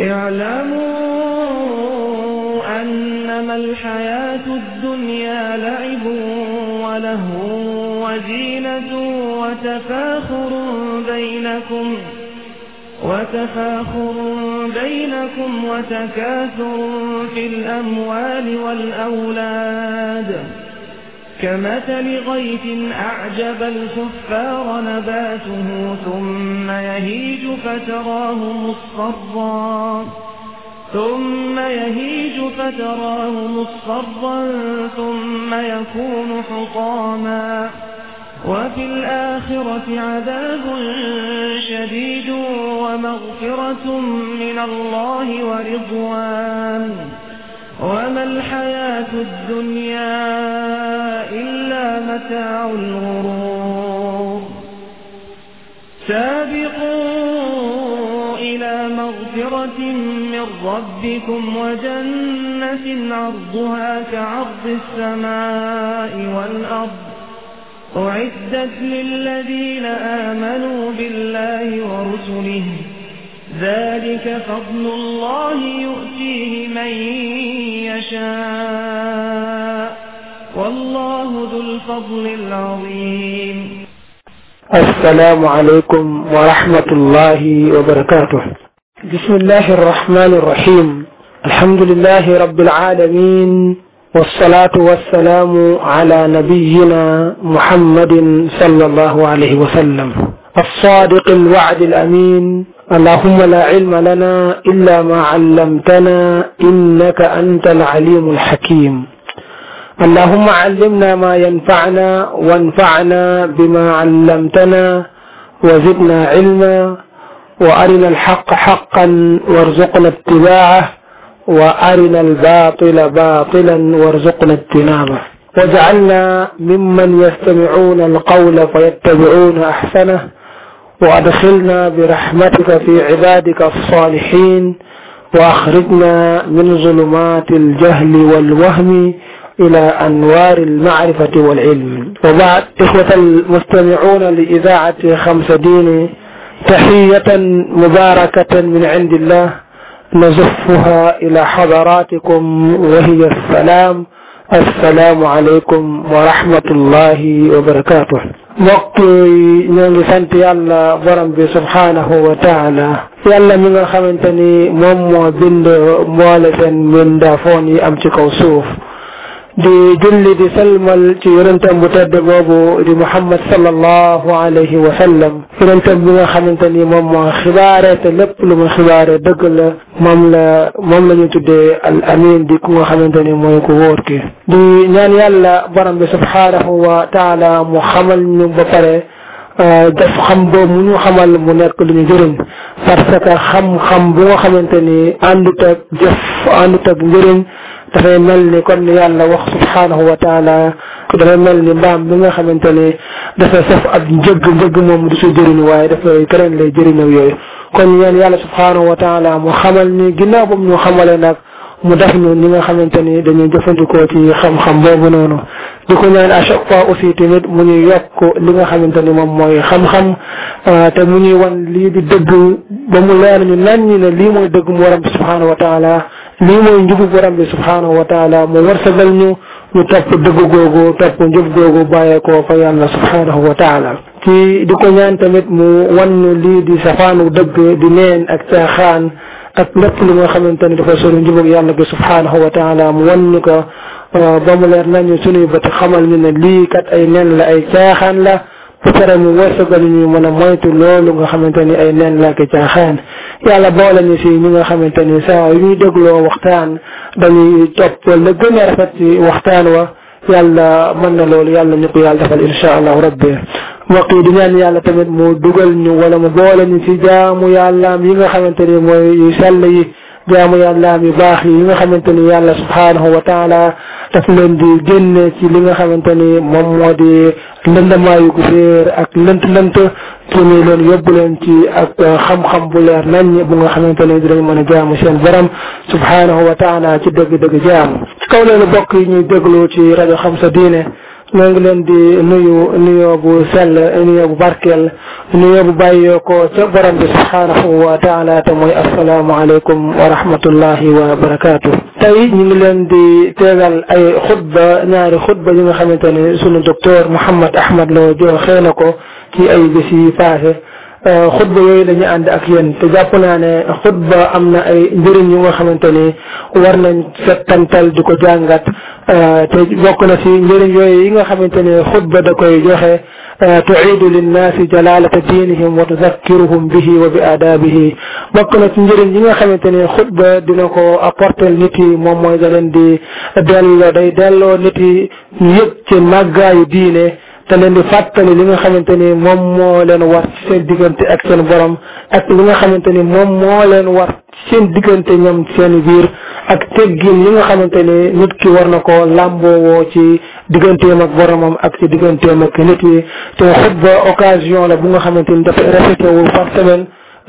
اعلموا أنما الحياة الدنيا لعب وله وزينة وتفاخر بينكم وتفاخر بينكم وتكاثر في الأموال والأولاد كمثل غيث أعجب الكفار نباته ثم يهيج فتراه مصفرا ثم يهيج فتراه مصفرا ثم يكون حطاما وفي الآخرة عذاب شديد ومغفرة من الله ورضوان وما الحياة الدنيا إلا متاع الغرور سابقوا إلى مغفرة من ربكم وجنة عرضها كعرض السماء والأرض أعدت للذين آمنوا بالله ورسله ذلك فضل الله يؤتيه من يشاء والله ذو الفضل العظيم السلام عليكم ورحمة الله وبركاته بسم الله الرحمن الرحيم الحمد لله رب العالمين والصلاة والسلام على نبينا محمد صلى الله عليه وسلم الصادق الوعد الأمين اللهم لا علم لنا إلا ما علمتنا إنك أنت العليم الحكيم اللهم علمنا ما ينفعنا وانفعنا بما علمتنا وزدنا علما وأرنا الحق حقا وارزقنا اتباعه وأرنا الباطل باطلا وارزقنا اجتنابه واجعلنا ممن يستمعون القول فيتبعون أحسنه وأدخلنا برحمتك في عبادك الصالحين وأخرجنا من ظلمات الجهل والوهم إلى أنوار المعرفة والعلم وبعد إخوة المستمعون لإذاعة خمس دين تحية مباركة من عند الله نزفها إلى حضراتكم وهي السلام السلام عليكم ورحمة الله وبركاته mbokk yi ñoo sant yàlla borom bi subhaanahu wa taala yàlla mi nga xamante ni moom moo bind mboole seen mbindeefoon yi am ci kaw suuf di julli di salmal ci yonentam bu tedd boobu di Muhammad sallallahu alayhi wa sallam yonentam bi nga xamante ni moom moo xibaare te lépp lu mu xibaare dëgg la moom la moom la ñu tuddee al amin di ku nga xamante ni mooy ku wóor ki di ñaan yàlla borom bi subhaanahu wa taala mu xamal ñu ba pare euh, daf xam mu ñu xamal mu nekk lu ñu jëriñ parce que xam-xam bu nga xamante ni àndut ak jëf àndut dafay mel ni kon yàlla wax subhaanahu wa taala dafay mel ni mbaam bi nga xamante ne dafa saf ab njëgg njëgg moom du si jëriñu waaye dafay keneen lay jëriñam yooyu kon yéen yàlla subhaanahu wa taala mu xamal ni ginnaaw boobu ñu xamale nag mu def ñu ñi nga xamante ni dañuy jëfandikoo ci xam-xam boobu noonu di ko ñaan à chaque fois aussi tamit mu ñuy yokk li nga xamante ni moom mooy xam-xam euh, te mu ñuy wan lii di dëgg ba mu leer ñu nan ñi ne lii mooy dëgg mu waram bi subhaanahu wa taala lii mooy njubub waram bi subhaanahu taala mu wërsëgal ñu ñu topp dëgg googu topp njub googu bàyyeekoo fa yàlla subhaanahu wa taala ci di ko ñaan tamit mu wan ñu lii di safaanu dëgg di neen ak caaxaan ak lépp li nga xamante ni dafa sori njubug yàlla gi subhaanahu wa taala mu wan ñu ko euh, ba mu leer nañu sunuy bët xamal ñu ne lii kat ay nen la ay caaxaan la bu tere mu wërsëgal ñu mën a moytu loolu nga xamante ni ay nen la ak caaxaan yàlla boole ñu si ñi nga xamante ni saa yu ñuy dégloo waxtaan dañuy topp la gën a rafet ci waxtaan wa yàlla mën na loolu yàlla ñu ko yàlla defal incha allahu rabbi waqi di ñaan yàlla tamit mu dugal ñu wala mu boole ñu ci jaamu yàllaam yi nga xamante ni mooy yu sell yi jaamu yàllaam yu baax yi yi nga xamante ni yàlla subhaanahu wa taala daf leen di génne ci li nga xamante ni moom moo di lëndamaayu gu réer ak lant lënt suñu leen yóbbu leen ci ak euh, xam-xam bu leer nañ bu nga xamante ne dinañ mën a jaamu seen borom subhaanahu wa taala ci dëgg-dëgg jaamu. ci kaw loolu bokk yi ñuy déglu ci rajo xam sa diine. ñoo ngi leen di nuyu nuyoo bu sell nuyoo bu barkeel nuyoo bu bàyyoo ko ca borom bi subhaanahu wa taala te mooy asalaamaaleykum wa rahmatullahi ñu ngi leen di tegal ay xutba ñaari xutba ñu nga xamante ne sunu docteur Mouhammad Ahmad Lo joxee na ko ci ay bés yi paase. Euh, xutba yooyu dañuy ànd ak yéen te jàpp naa ne xutba am na ay njëriñ yu nga xamante ni war nañ settantal di ko jàngat euh, te bokk na ci njëriñ yooyu yi nga xamante ne xutba da koy joxe euh, tuidu linnaasi jalalata diinihim wa tuzakkiruhum bihi wa bi aadaabihi bokk na ci yi nga xamante ne xutba dina ko apporter nit yi moom mooy da leen di delloo day delloo nit yi yëpp ci màggaayu diine te leen di fàttali li nga xamante ni moom moo leen war ci seen diggante ak seen borom ak li nga xamante ni moom moo leen war ci seen diggante ñoom seen biir ak teggin yi nga xamante ni nit ki war na ko làmboowoo ci digganteem ak boromam ak ci digganteem ak nit yi te xutba occasion la bu nga xamante ni dafa répété wu par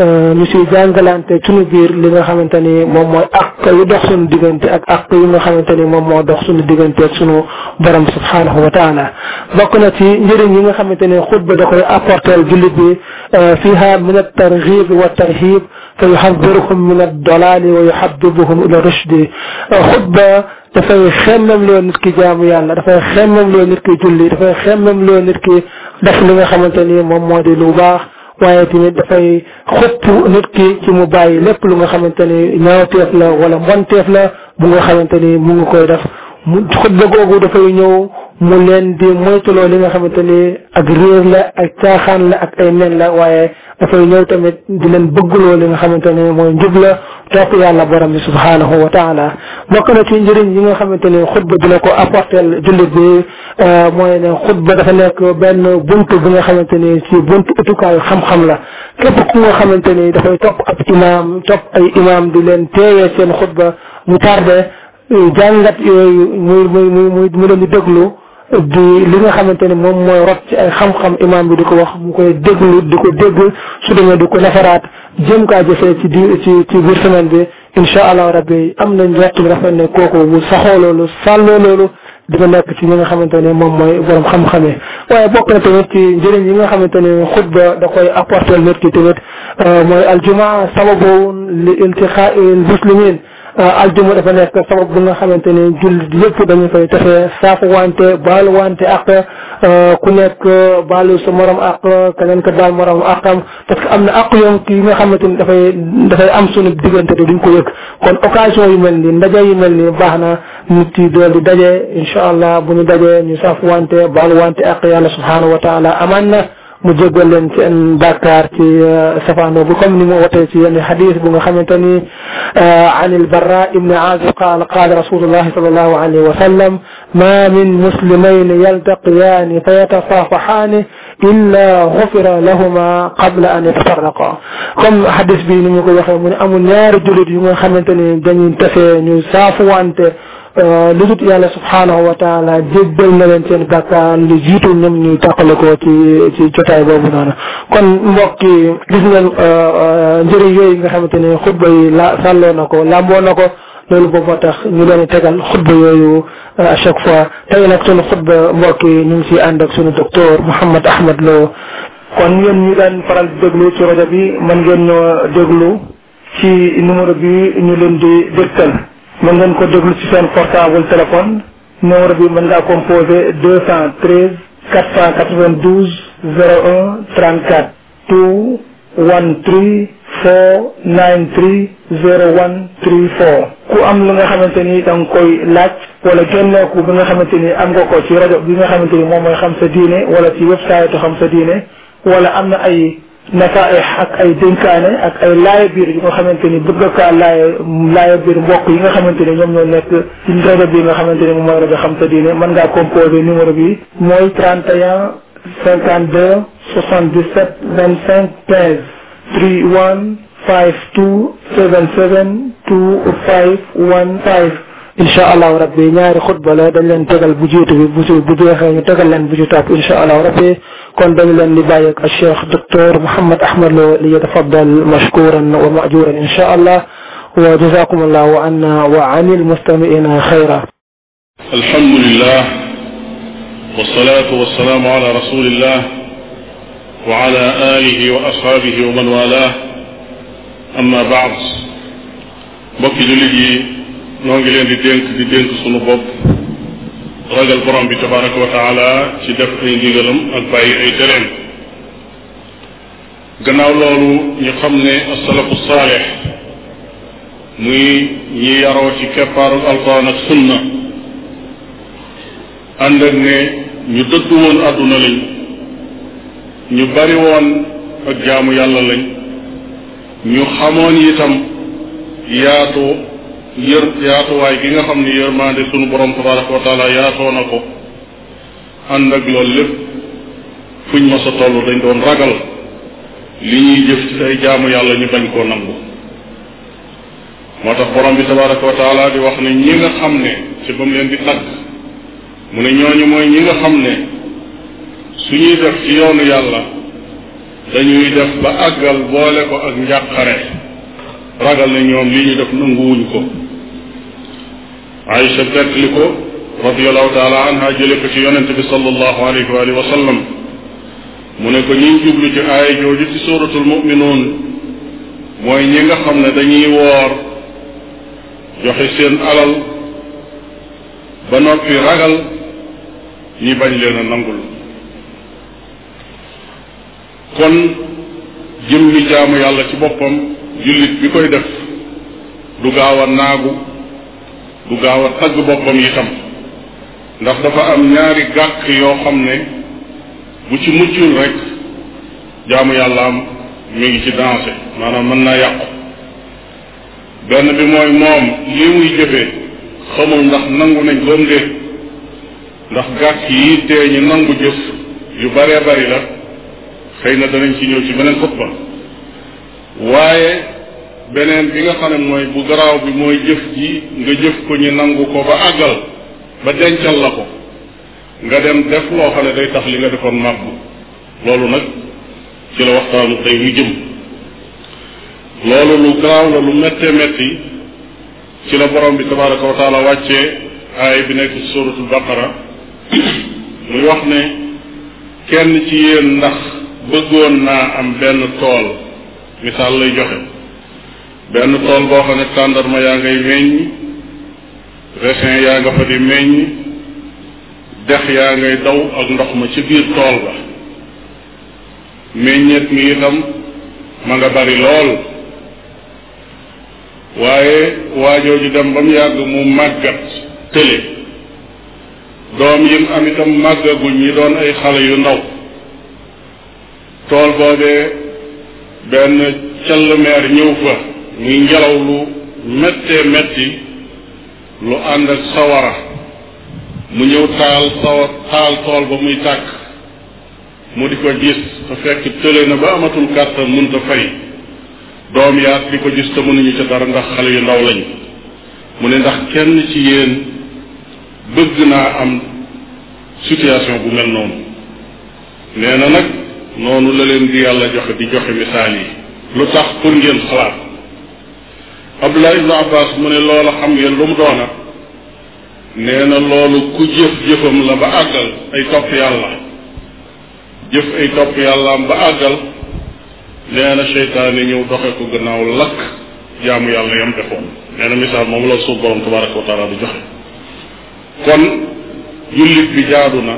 Euh, ñu siy jàngalante suñu biir li nga xamante ni moom mooy àq yu dox suñu diggante ak àq yi nga xamante ni moom moo dox suñu diggante ak suñu borom subhaanahu wa taala bokk na ci njëriñ yi nga xamante ni xutba da koy apporter jullit bi euh, fiha min at-targhib wa tarhib fa yuhaddiruhum min ad-dalali wa yuhabbibuhum ila rushdi euh, xutba dafay xemmem loo nit ki jaamu yàlla dafay xemmem loo nit ki julli dafay xemmem loo nit ki def li nga xamante ni moom moo di lu baax waaye tamit dafay xottu nit ki ci mu bàyyi lépp lu nga xamante ni ñaawteef la wala mbonteef la bu nga xamante ni mu ngi koy def mu xutba googu dafay ñëw mu leen di moytuloo li nga xamante ni ak réer la ak caaxaan la ak ay nen la waaye dafay ñëw tamit di leen bëgguloo li nga xamante ni mooy njub la topp yàlla borom bi subhaanahu wa taala bokk na ci njëriñ yi nga xamante ne xutba dina ko apportel jullit bi euh, mooy ne xutba dafa nekk benn bunt bi nga xamante ne ci bunt utukaayu xam-xam la képp ku nga xamante ni dafay topp ab imaam topp ay imaam di leen teewee seen xutba mu tardé euh, jàngat yooyu muy muy muy mu leen di déglu di li nga xamante ne moom mooy rot ci ay xam-xam imaam bi di ko wax mu koy déglu di ko dégg su demee di ko nafaraat jëm kaa jëfee ci di ci ci biir semaine bi incha allah rabbi am nañ njort bi rafet ne kooku bu saxoo di sàlloo loolu dina nekk ci ñi nga xamante ne moom mooy borom xam-xamee waaye bokk na tamit ci njëriñ yi nga xamante ne xutba da koy apporter nit ki tamit euh, mooy aljumaa sababu li iltiqaa il muslimin Euh, aljuma dafa nekk sabab bi nga xamante ne jullit yëpp dañu fay tafe saafu wante baalu wante ak euh, ku nekk baalu sa morom ak keneen ka baal morom akam parce que am na ak yoon ki nga xamante ni dafay dafay am sunu diggante te duñ ko yëg kon occasion yu mel nii ndaje yu mel nii baax na nit yi dool di daje incha allah bu ñu dajee ñu saafu wante baalu wante ak yàlla subhanahu wa taala amaan na mu jéggal leen seen bàkkaar ci euh, safaan boobu comme ni mu wotee ci yenn xadis bu nga xamante ni euh, an ilbarra ibni azib qaala qaala rasulullahi sallallahu alayhi wa sallam ma min muslimayn yaltaqiyaani fa yatasaafaxaani illa xufira lahuma qabla an yatafarraqa comme xadis bi ni mu ko waxee mu ne amul ñaari jullit yu nga xamante ni dañuy tase ñu saafuwante Euh, lu dut yàlla subhaanahu wa taala jéggal na leen seen bàkkaar lu jiitu ñoom ñuy taqale ko ci ci jotaay boobu noonu kon mbokk yi gis ngeen euh, euh, njëriñ yooyu nga xamante ne xutba yi la sàlloo na ko làmboo na ko loolu boobu tax ñu doon tegal xutba yooyu à chaque fois tey nag sunu xutba mbokk yi ñu ngi si ànd ak sunu docteur Mouhamed Ahmed Lo kon yéen ñi daan faral di déglu ci rajo bi mën ngeen ñoo déglu ci numéro bi ñu leen di dégtal mën ngeen ko déglu ci seen portable téléphone numéro bi mën ngaa composé 213 492 01 34 2 1 3 4 9 3 01 34 ku am lu nga xamante ni da koy laaj wala génneeku bi nga xamante ni am nga ko ci rajo bi nga xamante ni moom mooy xam sa diine wala ci website xam sa diine wala am na ay nasaaix ak ay dénkaane ak ay laaya biir yi nga xamante ni bëgg kaa laaya laaya mbokk yi nga xamante ni ñoom ñoo nekk ci rajo bi nga xamante ni moom mooy rajo xam sa diine mën ngaa composé numéro bi mooy 31 52 77 25 15 31 52 77 25 15 incha allahu rabbi ñaari xutba la dañ leen tegal bu jiitu bi bu bu jeexee ñu tegal leen bu ci topp incha allahu rabbi kon dañu leen di bàyyi ak Cheikh docteur Mouhamed Ahmed Lo li yatafaddal mashkuran wa majuran incha allah wa jazakum allahu anna wa anil mustamiina xayra. alhamdulillah wasalaatu wasalaamu ala rasulillah wa ala alihi wa ashabihi wa man walaah amma baad mbokki jullit yi noo ngi leen di dénk di dénk sunu bopp. ragal borom bi tabaraka wa taala ci def ay ndigalam ak bàyyi ay tereem gannaaw loolu ñu xam ne asalafu saalix muy ñi yaroo ci keppaarul alquran ak sunna ànd ak ne ñu dëddu woon àdduna lañ ñu bari woon ak jaamu yàlla lañ ñu xamoon itam yaatu yër yaatuwaay gi nga xam ne ni yërmaande sunu borom tabaraka wa taala na ko ànd ak loolu lépp fuñ ma sa toll dañ doon ragal li ñuy jëf ci say jaamu yàlla ñu bañ koo nangu moo tax borom bi tabaraka wa di wax ne ñi nga xam ne ci ba mu leen di tagg mu ne ñooñu mooy ñi nga xam ne suñuy def ci yoonu yàlla dañuy def ba àggal boole ko ak njàqare ragal ne ñoom li ñu def nanguwuñu ko Aïcha nettali ko radiallahu taala anha jële ko ci yonente bi sallallahu alayhi wa alihi wa mu ne ko ñiy jublu ci aaya jooju ci suratul muminuun mooy ñi nga xam ne dañuy woor joxe seen alal ba noppi ragal ñi bañ leen a nangul kon jëm li jaamu yàlla ci boppam jullit bi koy def du gaaw a naagu du gaaw a tagg boppam itam ndax dafa am ñaari gàkk yoo xam ne bu ci muccul rekk jaamu yàlla am mi ngi ci dansé maanaam mën naa yàqu benn bi mooy moom lii muy jëfee xamul ndax nangu nañ ba mu dee ndax gàkk yi tee nangu jëf yu baree bari la xëy na danañ ci ñëw ci beneen xutba waaye beneen bi nga xam ne mooy bu garaaw bi mooy jëf ji nga jëf ko ñu nangu ko ba àggal ba dencal la ko nga dem def loo xam ne day tax li nga defoon màbb loolu nag ci la waxtaanu tey wi jëm loolu lu garaaw la lu méttee métti ci la borom bi tabaraka wa taala aay bi nekk suratul baqara muy wax ne kenn ci yéen ndax bëggoon naa am benn tool misaal lay joxe benn tool boo xam ne tàndarma yaa ngay meññ raisin yaa nga fa di meññ dex yaa ngay daw ak ndox ma ci biir tool ba meññeet mi itam ma nga bari lool waaye waajoo ji dem ba mu yàgg mu màggat tële doom yi mu am itam màggaguñ ñi doon ay xale yu ndaw tool boobee benn call meer ñëw fa muy ngelaw lu méttee métti lu ànd ak sawara mu ñëw taal sawar taal tool ba muy tàkk mu di ko gis te fekk tële na ba amatul kàttan mënta fay doom yaat di ko gis te mënuñu ca dara ndax xale yu ndaw lañ mu ne ndax kenn ci yéen bëgg naa am situation bu mel noonu nee na nag noonu la leen di yàlla joxe di joxe misaal yi lu tax pour ngeen xalaat Abdullah ibnu Abbas mu ne loola xam ngeen lu mu doona nee na loolu ku jëf jëfam la ba àggal ay topp yàlla jëf ay topp yàllaam ba àggal nee na seytaane ñëw doxe ko gannaaw lakk jaamu yàlla yam defoon nee na misaal moom la suuf borom tabaraka wa taala du joxe kon jullit bi na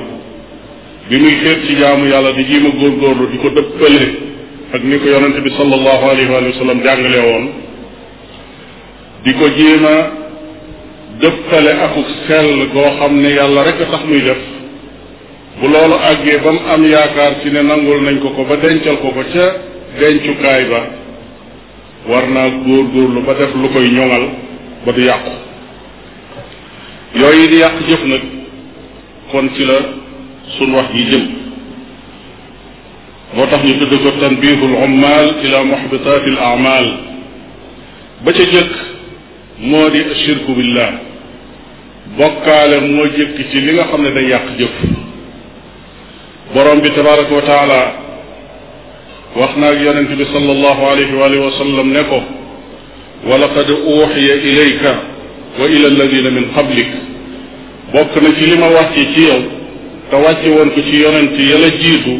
bi muy xeet ci jaamu yàlla di jiima góorgóorlu di ko dëppale ak ni ko yonente bi sallallahu alayhi wa sallam jàngale woon di ko jéem a dëppale akuk sell goo xam ne yàlla rek a tax muy def bu loolu àggee ba mu am yaakaar ci ne nangul nañ ko ko ba dencal ko ko ca dencukaay ba war naa góor góorlu ba def lu koy ñoŋal ba du yàqu yooyu di yàq jëf nag kon ci la sun wax yi jëm moo tax ñu tudd ko tanbihul ummal ila muhbitatil amal ba ca jëkk moo di shirku billah bokkaale moo jëkk ci li nga xam ne day yàq jëf borom bi tabaraka wa taala wax na ak yonent bi sallallahu alayhi wa alihi wa sallam ne ko wa laqad uxiya ilayka wa ila alladina min qablik bokk na ci li ma wàcce ci yow te wàcce woon ko ci yonent ya la jiitu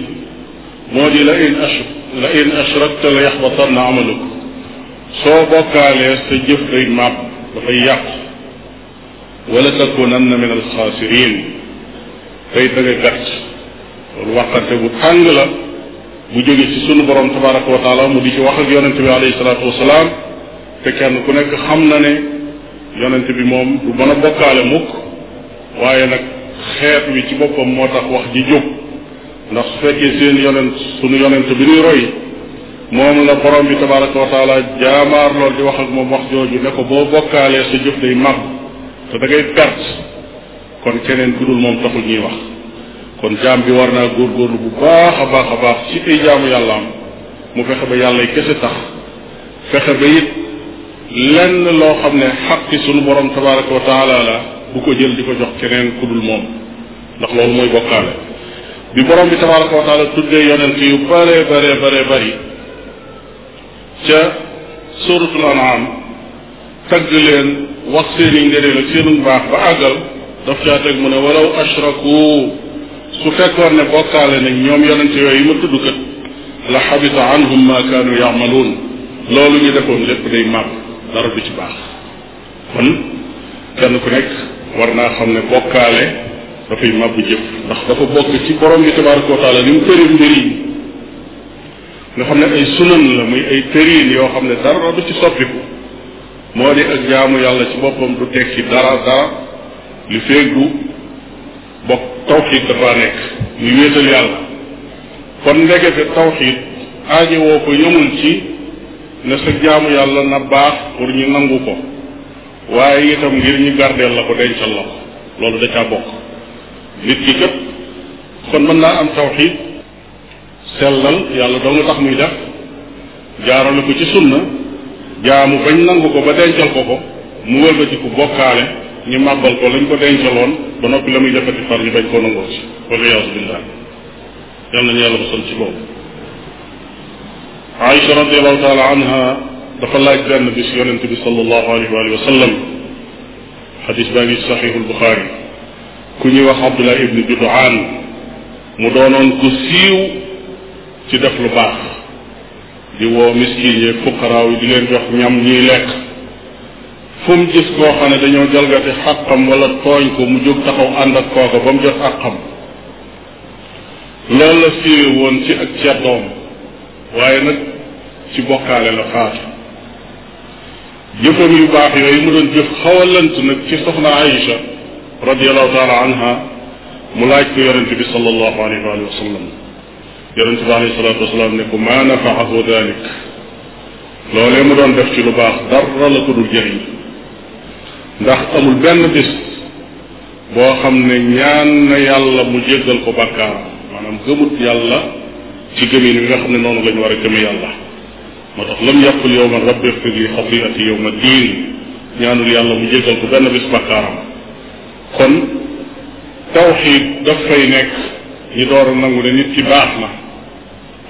moo di la in ash la in ashrakta la yaxbatanna amaluk soo bokkaalee sa jëf day màpp dafay yàqu wala takunanna min alxaasirin tey da nga gàtt wax waxante bu tàng la bu jóge ci sunu borom tabaraka wa taala mu di ci wax ak yonent bi alayhi salaatu wasalaam te kenn ku nekk xam na ne yonent bi moom du mën a bokkaale mukk waaye nag xeet wi ci boppam moo tax wax ji jóg ndax su fekkee seen yonent sunu yonent bi nuy roy moom la borom bi tabaraka wa taala jaamaar lool di wax ak moom wax jooju ne ko boo bokkaalee si jëf day màgg te da ngay kon keneen ku dul moom taxul ñuy wax kon jaam bi war naa góor góorlu bu baax a baax a baax ci ay jaamu yàllaam mu fexe ba yàlla kese tax fexe ba it lenn loo xam ne xaqi sunu borom tabaraka wa taala la bu ko jël di ko jox keneen ku moom ndax loolu mooy bokkaale bi borom bi tabaraka wa taala tuddee yonent yu bare bare bare bari ca suratul anam tagg leen wax seen i ngëneel ak baax ba àggal daf caa teg mu ne walaw ashraku su fekkoon ne bokkaale nañ ñoom yonente yooyu ma tudd kat la xabita anhum ma kaanu yaamaluun loolu ñu defoon lépp day màbb dara du ci baax kon kenn ku nekk war naa xam ne bokkaale dafay màbb jëf ndax dafa bokk ci borom bi tabaraka wa taala mu tëri mbir yi nga xam ne ay sunan la muy ay tëriin yoo xam ne dara du ci soppiku moo di ak jaamu yàlla ci boppam du tekki dara dara li feeg du bokk tawxiid dafa nekk muy wéetal yàlla kon ndegete tawxiid aaje woo ko yëmul ci ne sa jaamu yàlla na baax pour ñu nangu ko waaye itam ngir ñu gardeel la ko dencal la ko loolu da caa bokk nit ki kat kon mën naa am tawxiid sellal yàlla doo nga mu muy def jaarale ko ci sunna jaamu bañ nangu ko ba dencal ko ko mu wëlbati ku bokkaale ñu màbbal ko lañ ko dencaloon ba noppi la muy defati far ñu bañ koo nangoo ci waliyaasu billah yal nañu yàlla musal ci boobu Aïcha radiallahu taala anha dafa laaj benn bis yonente bi sallallahu alayhi wa sallam xadis baa ngi saxiixu Buxaari ku ñuy wax Abdullah ibni Judaan mu doonoon ku siiw ci def lu baax di woo miskin yeeg fuqaraaw di leen jox ñam ñuy lekk fu mu gis koo xam ne dañoo jalgati xaqam wala tooñ ko mu jóg taxaw ànd ak kooka ba mu jot xaqam loolu la siiwe woon ci ak ceddoom waaye nag ci bokkaale la faatu jëfam yu baax yooyu mu doon jëf xaw a lënt nag ci soxna Aïcha radiallahu taala anha mu laaj ko yonente bi sallallahu alayhi wa sallam yonente bi alayhi salaatu wasalaam ne ko maa nafaahu dalik loolee mu doon def ci lu baax dara la ko dul jëriñ ndax amul benn bis boo xam ne ñaan na yàlla mu jéggal ko bàkkaaram maanaam gëmut yàlla ci gëmin wi nga xam ne noonu la ñu war a gëme yàlla moo tax lam yàqul yow man rabbi fir li xatiati yow ma diin ñaanul yàlla mu jéggal ko benn bis bàkkaaram kon tawxiid daf fay nekk ñi door a nangu ne nit ki baax na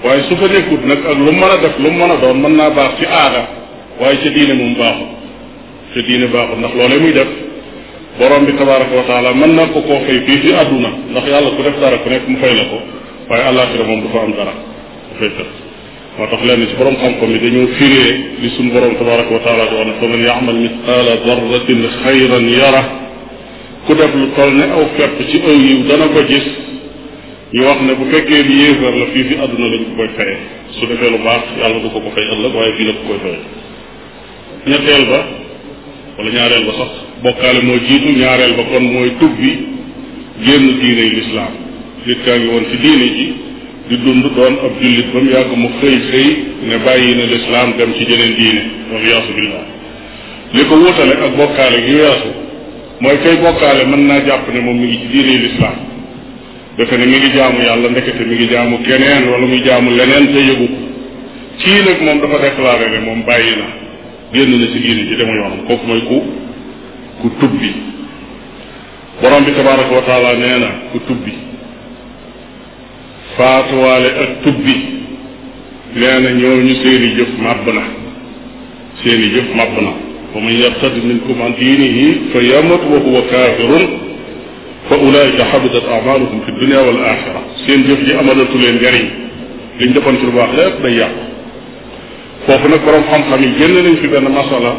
waaye su fa nekkut nag ak lu mën a def lu man a doon mën naa baax ci aada waaye ca diine moom baaxul ca diine baaxul ndax loolee muy def borom bi tabaraka wa taala mën na ko koo fay fii fi àdduna ndax yàlla ku def dara ku nekk mu fay la ko waaye àllaaxira moom du fa am dara du moo tax lenn ci borom xam-xam yi dañoo firee li suñ borom tabaraka wa taala di wax ya fa man yaamal mitqaala darratin xayran yara ku def lu toll ne aw fepp ci aw yiw dana ko ñu wax ne bu fekkee ni yéefar la fii fi àdduna lañ ko koy faye su defee lu baax yàlla du ko ko fay ëllëg waaye fii la ko koy faye ñetteel ba wala ñaareel ba sax bokkaale moo jiitu ñaareel ba kon mooy tub bi génn diine lislaam nit kaa ngi woon ci diine ji di dund doon ab jullit ba mu yàgg mu xëy xëy ne bàyyi na lislaam dem ci jeneen diine wala yaasu billah li ko wutale ak bokkaale gi weesu mooy kay bokkaale mën naa jàpp ne moom mi ngi ci diine yi defe ne mi ngi jaamu yàlla ndekete mi ngi jaamu keneen wala muy jaamu leneen te yëgu kii nag moom dafa déclaré ne moom bàyyi na génn na ci diine ji dema yoonam kooku mooy ku ku tubbi borom bi tabaraka wa nee na ku tubbi faatuwaale ak tubbi nee na ñooñu seeni jëf màbb na seeni jëf màbb na wa man yartad minkum an diinihi fa yamat wa huwa a ulaayika a amaaluhum fi dunia wal axira seen jëf ji amalatu leen njariñ li defoon ci lu baax lépp day yàqu foofu nag borom xam-xam yi génn nañ fi benn masala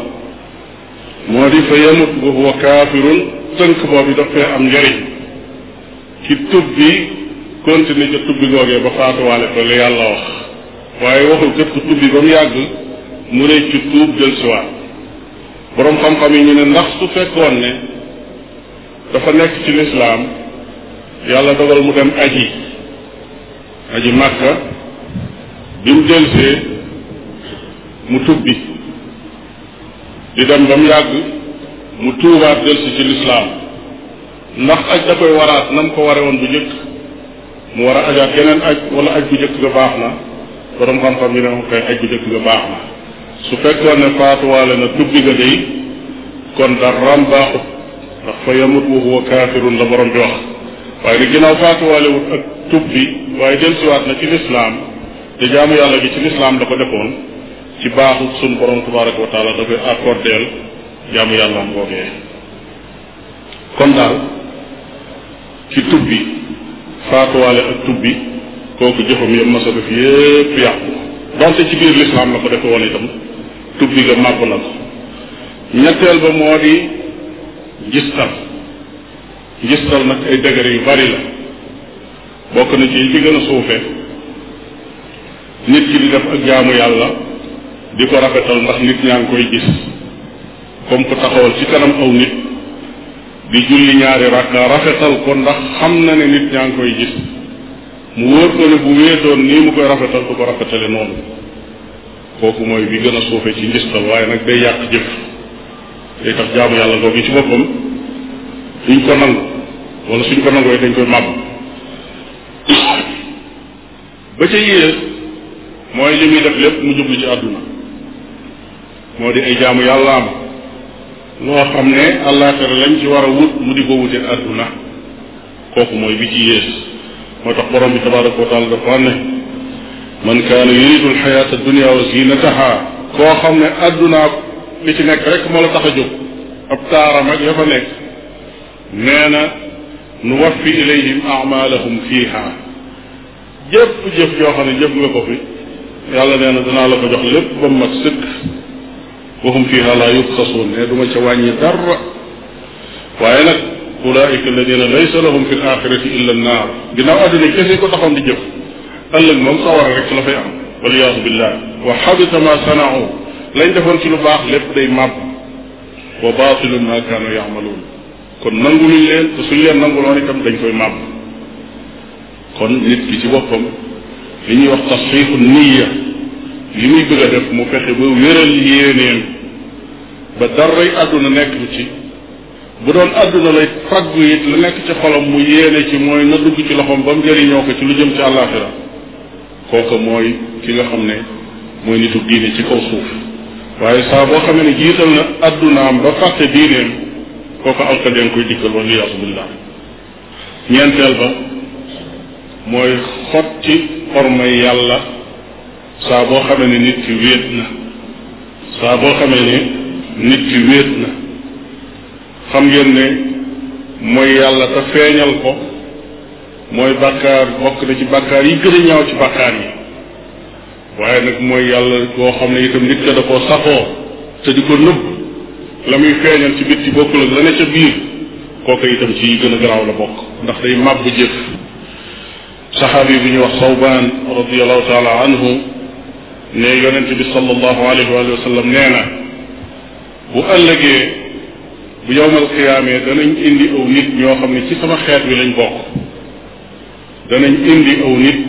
moo fa yamut wa huwa kaafirun tënk boobu daf am njariñ ci tub bi continuer ca tubbi googee ba faatuwaale ko li yàlla wax waaye waxul képp ku tubbi ba mu yàgg mu ne ci tuub borom xam-xam yi ne ndax su fekkoon ne dafa nekk ci lislaam yàlla dogal mu dem aji aji màkka bi mu delsee mu tubbi di dem ba mu yàgg mu tuubaat delsi ci lislaam ndax aj da koy waraat na mu ko ware woon bu njëkk mu war a ajaat geneen aj wala aj bu njëkk ga baax na borom xam-xam yi ne ko aj bu njëkk ga baax na su fekkoon ne faatuwaale na tubbi ga day kon daram baaxut ndax fa yamut wa huwa kaafirun la borom bi wax waaye nag ginnaaw faatuwaalewut ak tub waaye dellusiwaat na ci lislaam te jaamu yàlla gi ci lislaam la ko defoon ci baaxu sunu borom tabaraka wa taala da koy accordeel jaamu yàlla am kon daal ci tub bi faatuwaale ak tub bi kooku jëfam yam masa def yépp yàqu donte ci biir lislaam la ko defe woon itam tub bi màbb na ñetteel ba moo di ngistal ngistal nag ay degré yu bari la bokk na ci yi ci gën a suufe nit ki di def ak jaamu yàlla di ko rafetal ndax nit ñaa ngi koy gis comme ku taxawal ci kanam aw nit di julli ñaari rakka rafetal ko ndax xam na ne nit ñaa ngi koy gis mu wóor ko ne bu wéetoon nii mu koy rafetal du ko rafetale noonu kooku mooy bi gën a suufe ci ngistal waaye nag day yàq jëf day tax jaamu yàlla googu ci boppam duñ ko nangu wala suñ ko nangoo dañ koy màbb ba ca yées mooy li muy def lépp mu jublu ci àdduna moo di ay jaamu yàlla am loo xam ne àllaaxira lañ ci war a wut mu di ko wute àdduna kooku mooy bi ci yées moo tax borom bi tabaraka wa taala dafa ne man kaana yuridu alxayaata dunia wa zinataha koo xam ne àdduna li ci nekk rek moo la tax a jóg ab taaram ak ya fa nekk nee na nu waffi ilayhim amalahum fiiha jëpp jëf joo xam ne jëf nga ko fi yàlla nee na danaa la ko jox lépp ba mu mat sëkk wahum fiiha laa yubxasuun ne du ma ca wàññi dara waaye nag ulaika alladina laysa lahum fi alaxirati illa annaar ginnaaw àdduna kese ko taxoon di jëf ëllëg moom sawara rek la fay am waliyaadu billah wa xabita ma sanau lañ defoon ci lu baax lépp day màbb wa baatilu ma kaanu yaamaluun kon nanguluñ leen te suñ leen nanguloon itam dañ koy màbb kon nit ki ci boppam li ñuy wax tasxiixu niya li muy bëgg a def mu fexe ba wéral yéeneen ba daray àdduna nekk ci bu doon àdduna lay faggu it la nekk ci xolam mu yéene ci mooy na dugg ci loxoom ba mu jëriñoo ko ci lu jëm ci àllaaxira kooka mooy ki nga xam ne mooy nitu diine ci kaw suuf waaye saa boo xamee ne jiital na àddunaam ba fàtte diineem kooku alkadeen koy dikkaloon wala yaasu ñeenteel ba mooy xotti ormay yàlla saa boo xamee ne nit ki wéet na saa boo xamee ne nit ki wéet na xam ngeen ne mooy yàlla te feeñal ko mooy bàkkaar bokk na ci bàkkaar yi gën a ñaaw ci bàkkaar yi waaye nag mooy yàlla koo xam ne itam nit ka da koo saxoo te di ko nëbb la muy feeñal ci bitti bokkul ak la ne ca biir kooka itam ci yi gën a garaaw la bokk ndax day màbb jëf saxaabi bi ñu wax sawbaan radiallahu taala anhu ne yonent bi sallallahu alayhi wa sallam nee na bu ëllëgee bu yowmal xiyaamee danañ indi aw nit ñoo xam ne ci sama xeet wi lañ bokk danañ indi aw nit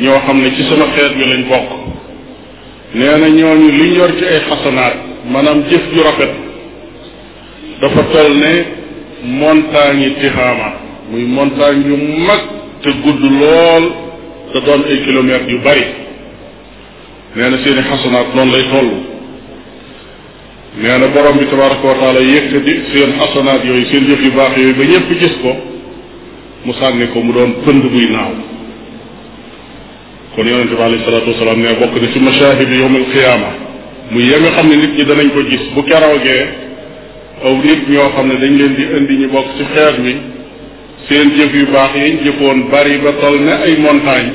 ñoo xam ne ci sama xeet wi lañ bokk nee na ñooñu liñ yor ci ay xasanaat maanaam jëf ju rafet dafa toll ne montagne yi muy montagne yu mag te gudd lool te doon ay kilomètres yu bari nee na seeni xasanaat noonu lay toll nee na borom bi tabaraka wa taala yëkkati seen xasanaat yooyu seen jëf yu baax yooyu ba ñëpp gis ko mu sànni ko mu doon pënd buy naaw kon yonente bi alayhi salaatu wasalaam ne bokk na ci mashahid yowm alqiyaama muy ya xam ne nit ñi danañ ko gis bu keroogee aw nit ñoo xam ne dañ leen di indi ñu bokk ci xeer bi seen jëf yu baax yañ jëfoon bari ba tol ne ay montagne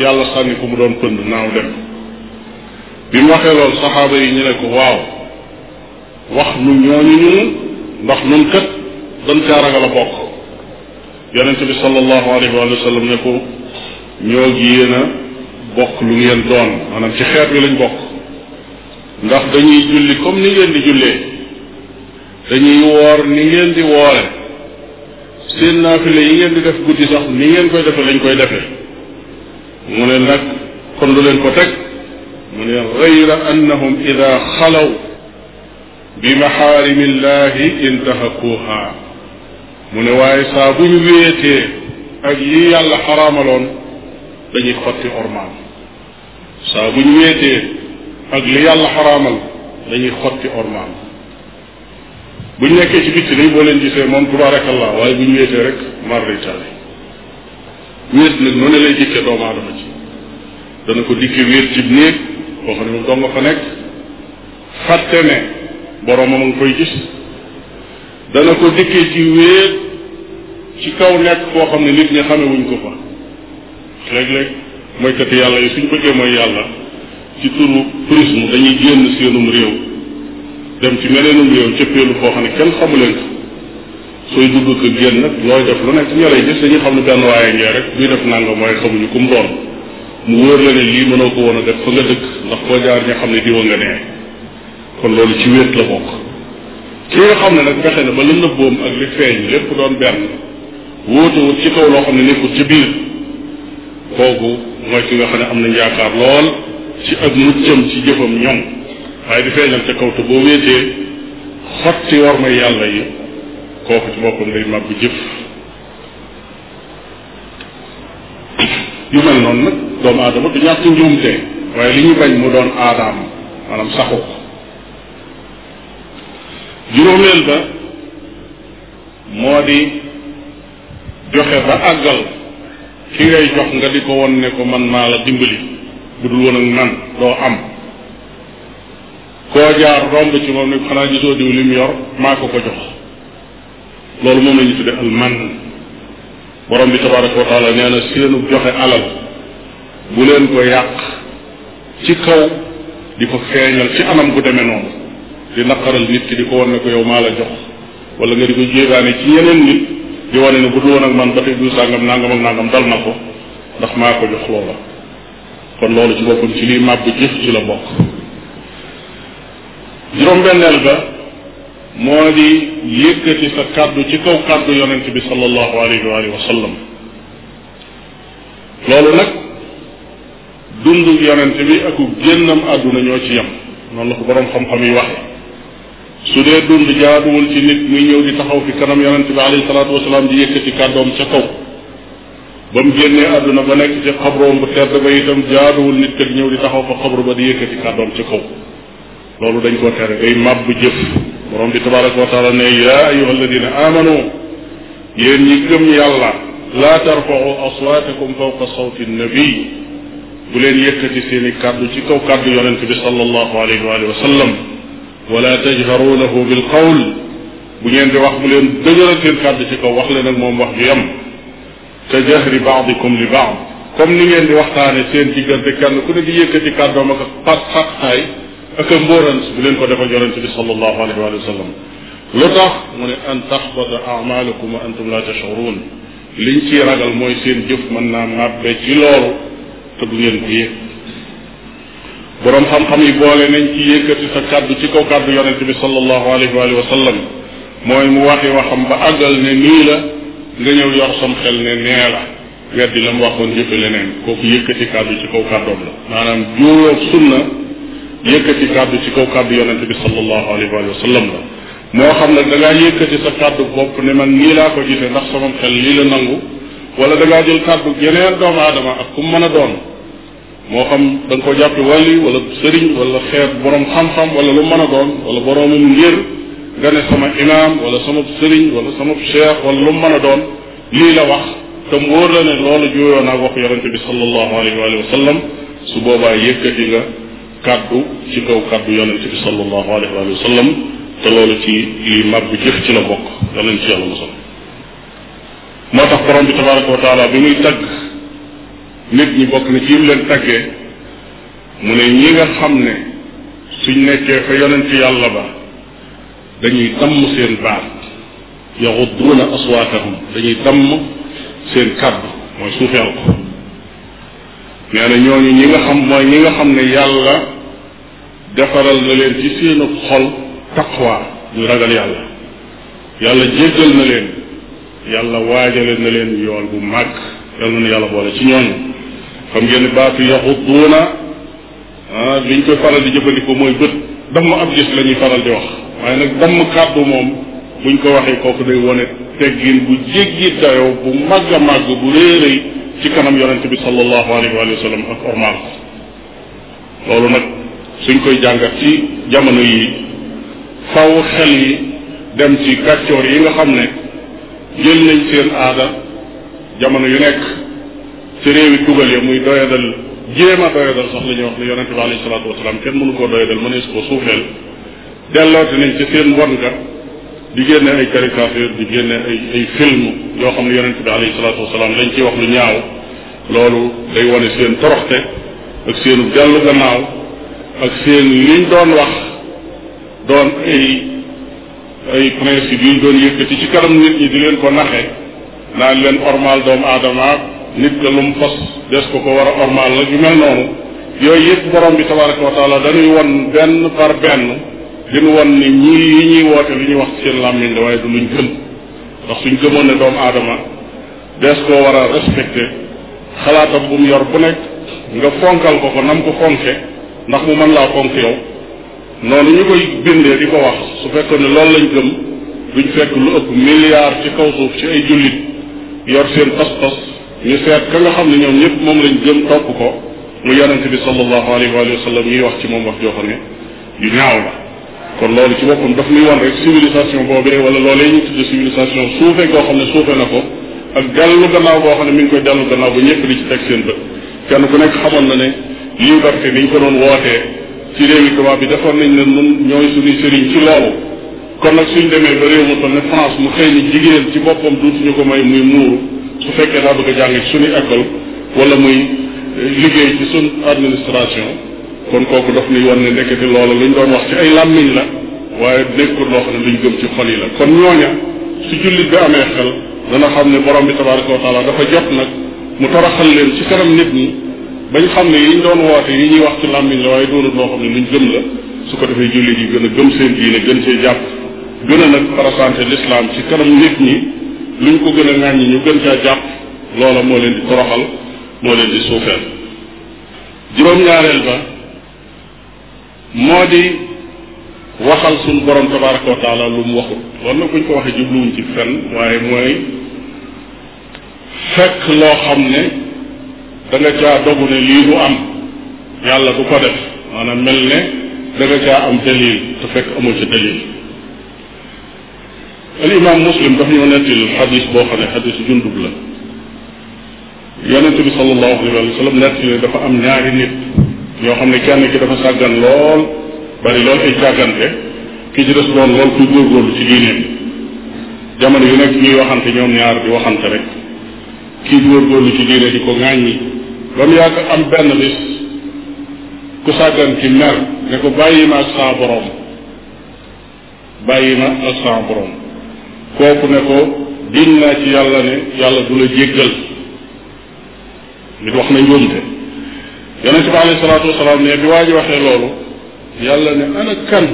yàlla sànni ko mu doon pënd naaw dem bi mu waxee saxaaba yi ñu ne ko waaw wax nu ñooñu ñun ndax nun kat dañ caa ragal a bokk yonente bi sallallahu alayhi wa sallam ne ko ñoo gi yéen bokk lu ngeen doon maanaam ci xeet wi lañu bokk ndax dañuy julli comme ni ngeen di jullee dañuy woor ni ngeen di woore seen naafile yi ngeen di def guddi sax ni ngeen koy defe lañ koy defe mu ne nag kon lu leen ko teg mu ne gayra annahum ida xalaw bi maxaarimi illahi intahakuha mu ne waaye saa bu ñu ak yi yàlla xaraamaloon dañuy xotti ormaam saa bu ñu wéetee ak li yàlla xaraamal dañuy xotti ormaam bu ñu nekkee ci bitti nii boo leen gisee moom tubaarakallah waaye bu ñu wéetee rek marritali wéet nag noonu lay dikkee doomu aadama ci dana ko dikkee wéet ci néeg boo xam ne moom doo nga fa nekk fàtte ne boroomam a ngi koy gis dana ko dikkee ci wéet ci kaw nekk foo xam ne nit ñi xamewuñ ko fa léeg-léeg moykati yàlla yi suñ bëggee mooy yàlla ci turu prisme dañuy génn seenum réew dem ci meneenum réew cëppeelu foo xam ne kenn xamu leen sooy dugg ko génn nag looy def lu nekk ña lay gis xam ne benn waaye ngee rek buy def nanga mooy xamuñu ku mu doon mu wóor la ne lii mënoo ko woon a def fa nga dëkk ndax koo jaar ña xam ne diwa nga nee kon loolu ci wéet la bokk ki nga xam ne nag fexe ne ba la nëbboom ak li feeñ lépp doon benn wóotewut ci kaw loo xam ne nekkul ci biir kooku mooy ki nga xam ne am nañ yaakaar lool ci ak muccam ci jëfam ñoom waaye di feeñal ca kaw te boo wéetee xotti war may yàlla yi kooku ci boppam day màgg jëf yu mel noonu nag doomu aadama du ñàkk njuumte waaye li ñu bañ mu doon aadaam maanaam saxu ko juróomeel ba moo di joxe ba àggal ki ngay jox nga di ko won ne ko man maa la dimbali bu dul woon ak man doo am koo jaar romb ci moom ne xanaa gisoo diw li yor maa ko ko jox loolu moom la ñu tudde man borom bi tabaraka wa taala nee na seenu joxe alal bu leen ko yàq ci kaw di ko feeñal ci anam gu demee noonu di naqaral nit ki di ko won ne ko yow maa la jox wala nga di ko jéegaane ci yeneen nit di wane ne bu dul woon man ba tey du sàngam nangam ak nangam dal na ko ndax maa ko jox loola kon loolu ci boppam ci liy màbb jëf ci la bokk juróom-benneel ba moo di yëkkati sa kàddu ci kaw kàddu yonent bi sallallahu alayhi wa alihi loolu nag dundu yonent bi aku génnam àdduna ñoo ci yam noonu la ko boroom xam-xam yi waxee su dee dund jaaduwul ci nit muy ñëw di taxaw fi kanam yonente bi alayhi salaatu wasalaam di yëkkati kàddoom ca kaw ba mu génnee àdduna ba nekk ci xabroom bu tedd ba itam jaaduwul nit ñëw di taxaw fa xabru ba di yëkkati kàddoom ca loolu dañ ko tere day màbb jëf borom bi tabaraka wa taala ne yaa ayuha alladina amanu yéen ñi gëm yàlla laa tarfau aswaatakum fawqa sawti nabi bu leen yëkkati seen i kàddu ci kaw kàddu yonente bi sallallahu alayhi wa sallam wala tajharu lahu bil qawl bu ngeen di wax bu leen dëgëral seen kàddu ci kaw wax leen ak moom wax ju yem ka jahri baadikum li baad comme ni ngeen di waxtaane seen diggante kenn ku ne di yëkkati kàddoom ak pas xaqaay ak a mbóorans bu leen ko defal yonente bi sallallahu alayhi wa sallam lu tax mu ne an taxbata amalukum wa antum la tashurun liñ ciy ragal mooy seen jëf mën naa màbbe ci loolu te du ngeen ko yëg boroom xam-xam yi boole nañ ci yëkkati sa kàddu ci kaw kàddu yonente bi sallallahu alayhi wa sallam mooy mu waxi xam ba àggal ne nii la nga ñëw yor sam xel ne nee la weddi la mu waxoon jëfe leneen kooku yëkkati kàddu ci kaw kàddoom la maanaam juuroog sunna yëkkati kàddu ci kaw kàddu yonente bi sallallahu alayhi wa sallam la moo xam nag da ngaa yëkkati sa kàddu bopp ne man nii laa ko gisee ndax sama xel lii la nangu wala da ngaa jël kàddu yeneen doomu aadama ak ku mën a doon moo xam da nga ko jàppe wàlli wala sëriñ wala xeet borom xam-xam wala lu mën a doon wala boromum ngir nga ne sama imaam wala sama sëriñ wala sama cheikh wala lu mën a doon lii la wax te mu wóor la ne loolu juyoo naag wax yonente bi sallallahu alayhi wa sallam su boobaa yëkkati nga kàddu ci kaw kàddu yonente bi sallallahu alayhi wa sallam te loolu ci li màgg jëf ci la bokk yonent ci yàlla mosal moo tax borom bi tabaraka wa bi muy tagg nit ñi bokk na ci yim leen taggee mu ne ñi nga xam ne suñ nekkee fa yonent yàlla ba dañuy damm seen baat yaxudduuna aswaatahum dañuy damm seen kàddu mooy suufeel ko nee na ñooñu ñi nga xam mooy ñi nga xam ne yàlla defaral na leen ci seenu xol taqwa ñu ragal yàlla yàlla jéggal na leen yàlla waajale na leen yool bu màgg yàlla na yàlla boole ci ñooñu xam ngeen ne baatu yaxuduuna ah liñ koy faral di jëfandikoo mooy bët damm ab gis la faral di wax waaye nag damm kàddu moom buñ ko waxee kooku day wone teggin bu jéggi dayoo bu màgg a màgg bu réeréy ci kanam yonent bi sallallahu alayhi wa sallam ak loolu nag suñ koy jàngat ci jamono yi faw xel yi dem ci kàccoor yi nga xam ne jël nañ seen aada jamono yu nekk ca réewi tugal ya muy doyadal jéem a doyadal sax la ñuy wax ne yonente bi alayhi salaatu wasalaam kenn mënu koo doyadal mënees koo suufeel delloote nañ ci seen mbon ga di génne ay caricature di génne ay ay film yoo xam ne yonente bi alayhi salaatu wasalaam lañ ciy wax lu ñaaw loolu day wane seen toroxte ak seenu dellu gannaaw ak seen liñ doon wax doon ay ay principe yuñ doon yëkkati ci kanam nit ñi di leen ko naxe naan leen ormal doomu aadama nit ka lu mu fas des ko ko war a ormaal nag yu mel noonu yooyu yëpp borom bi tabaraka wa taala dañuy won benn par benn di nu won ni ñii yi ñuy woote lu ñuy wax seen làmmiñ la waaye du luñ gëm ndax suñ gëmoon ne doomu aadama des ko war a respecté xalaatam bu mu yor bu nekk nga fonkal ko ko nam ko fonke ndax mu mën laa fonk yow noonu ñu koy bindee di ko wax su fekkoon ne loolu lañ gëm duñ fekk lu ëpp milliard ci kaw suuf ci ay jullit yor seen pas-pas ñu seet ka nga xam ne ñoom ñëpp moom lañ gëm topp ko mu yonente bi sallallahu alayhi wa sallam ñuy wax ci moom wax joo xam ne yu ñaaw la kon loolu ci boppam daf muy wan rek civilisation boobu rek wala loolee ñu xam ne suufe na ko ak dellu gannaaw boo xam ne mi ngi koy dellu gannaaw ba ñëpp di ci teg seen bët kenn ku nekk xamoon na ne liberté ni ñu ko doon wootee ci réewi tubaab bi defoon nañ ne nun ñooy suñu sëriñ ci loolu kon nag suñ demee ba réew mu toll ne France mu xëy ni jigéen ci boppam duutuñu ko may muy muuru su fekkee daa bëgg a suñu école wala muy liggéey ci suñ administration kon kooku daf ñuy wan ne ndekete loola luñ doon wax ci ay làmmiñ la waaye nekkul loo xam ne luñ gëm ci xol yi la kon ñooña su jullit bi amee xel dana xam ne borom bi tabaraka wa dafa jot nag mu taraxal leen ci kanam nit ñi bañ xam ne yiñ doon woote yi ñuy wax ci làmmiñ la waaye doonut loo xam ne luñ gëm la su ko defee jullit yi gën a gëm seen diine gën see jàpp gën a nag présenté l'islam ci kanam nit ñi luñ ko gën a ŋàññi ñu gën caa jàpp loola moo leen di toroxal moo leen di suufeel juróom-ñaareel ba moo di waxal suñ borom tabaraka wa taala lu mu waxul loolu nag buñ ko waxee jubluwuñ ci fen waaye mooy fekk loo xam ne da nga caa dogu ne lii du am yàlla bu ko def maanaam mel ne da caa am dalil te fekk amu ci dalil al muslim daf ñoo nettali xadis boo xam ne xadis jundub la yonente bi sallallahu alayhi wa sallam nettali dafa am ñaari nit ñoo xam ne kenn ki dafa sàggan lool bari lool ay càggante ki ci des doon lool kuy ci diineem jamono yu nekk ñuy waxante ñoom ñaar di waxante rek kii lu ci diine di ko ŋàññi ba mu yàgg am benn bis ku sàggan ci mer ne ko bàyyi ma ak saa borom bàyyi ma ak kooku ne ko diñ naa ci yàlla ne yàlla du la jéggal nit wax na njuumte yonente bi alayhi salaatu wasalaam ne bi waa ji waxee loolu yàlla ne ana kan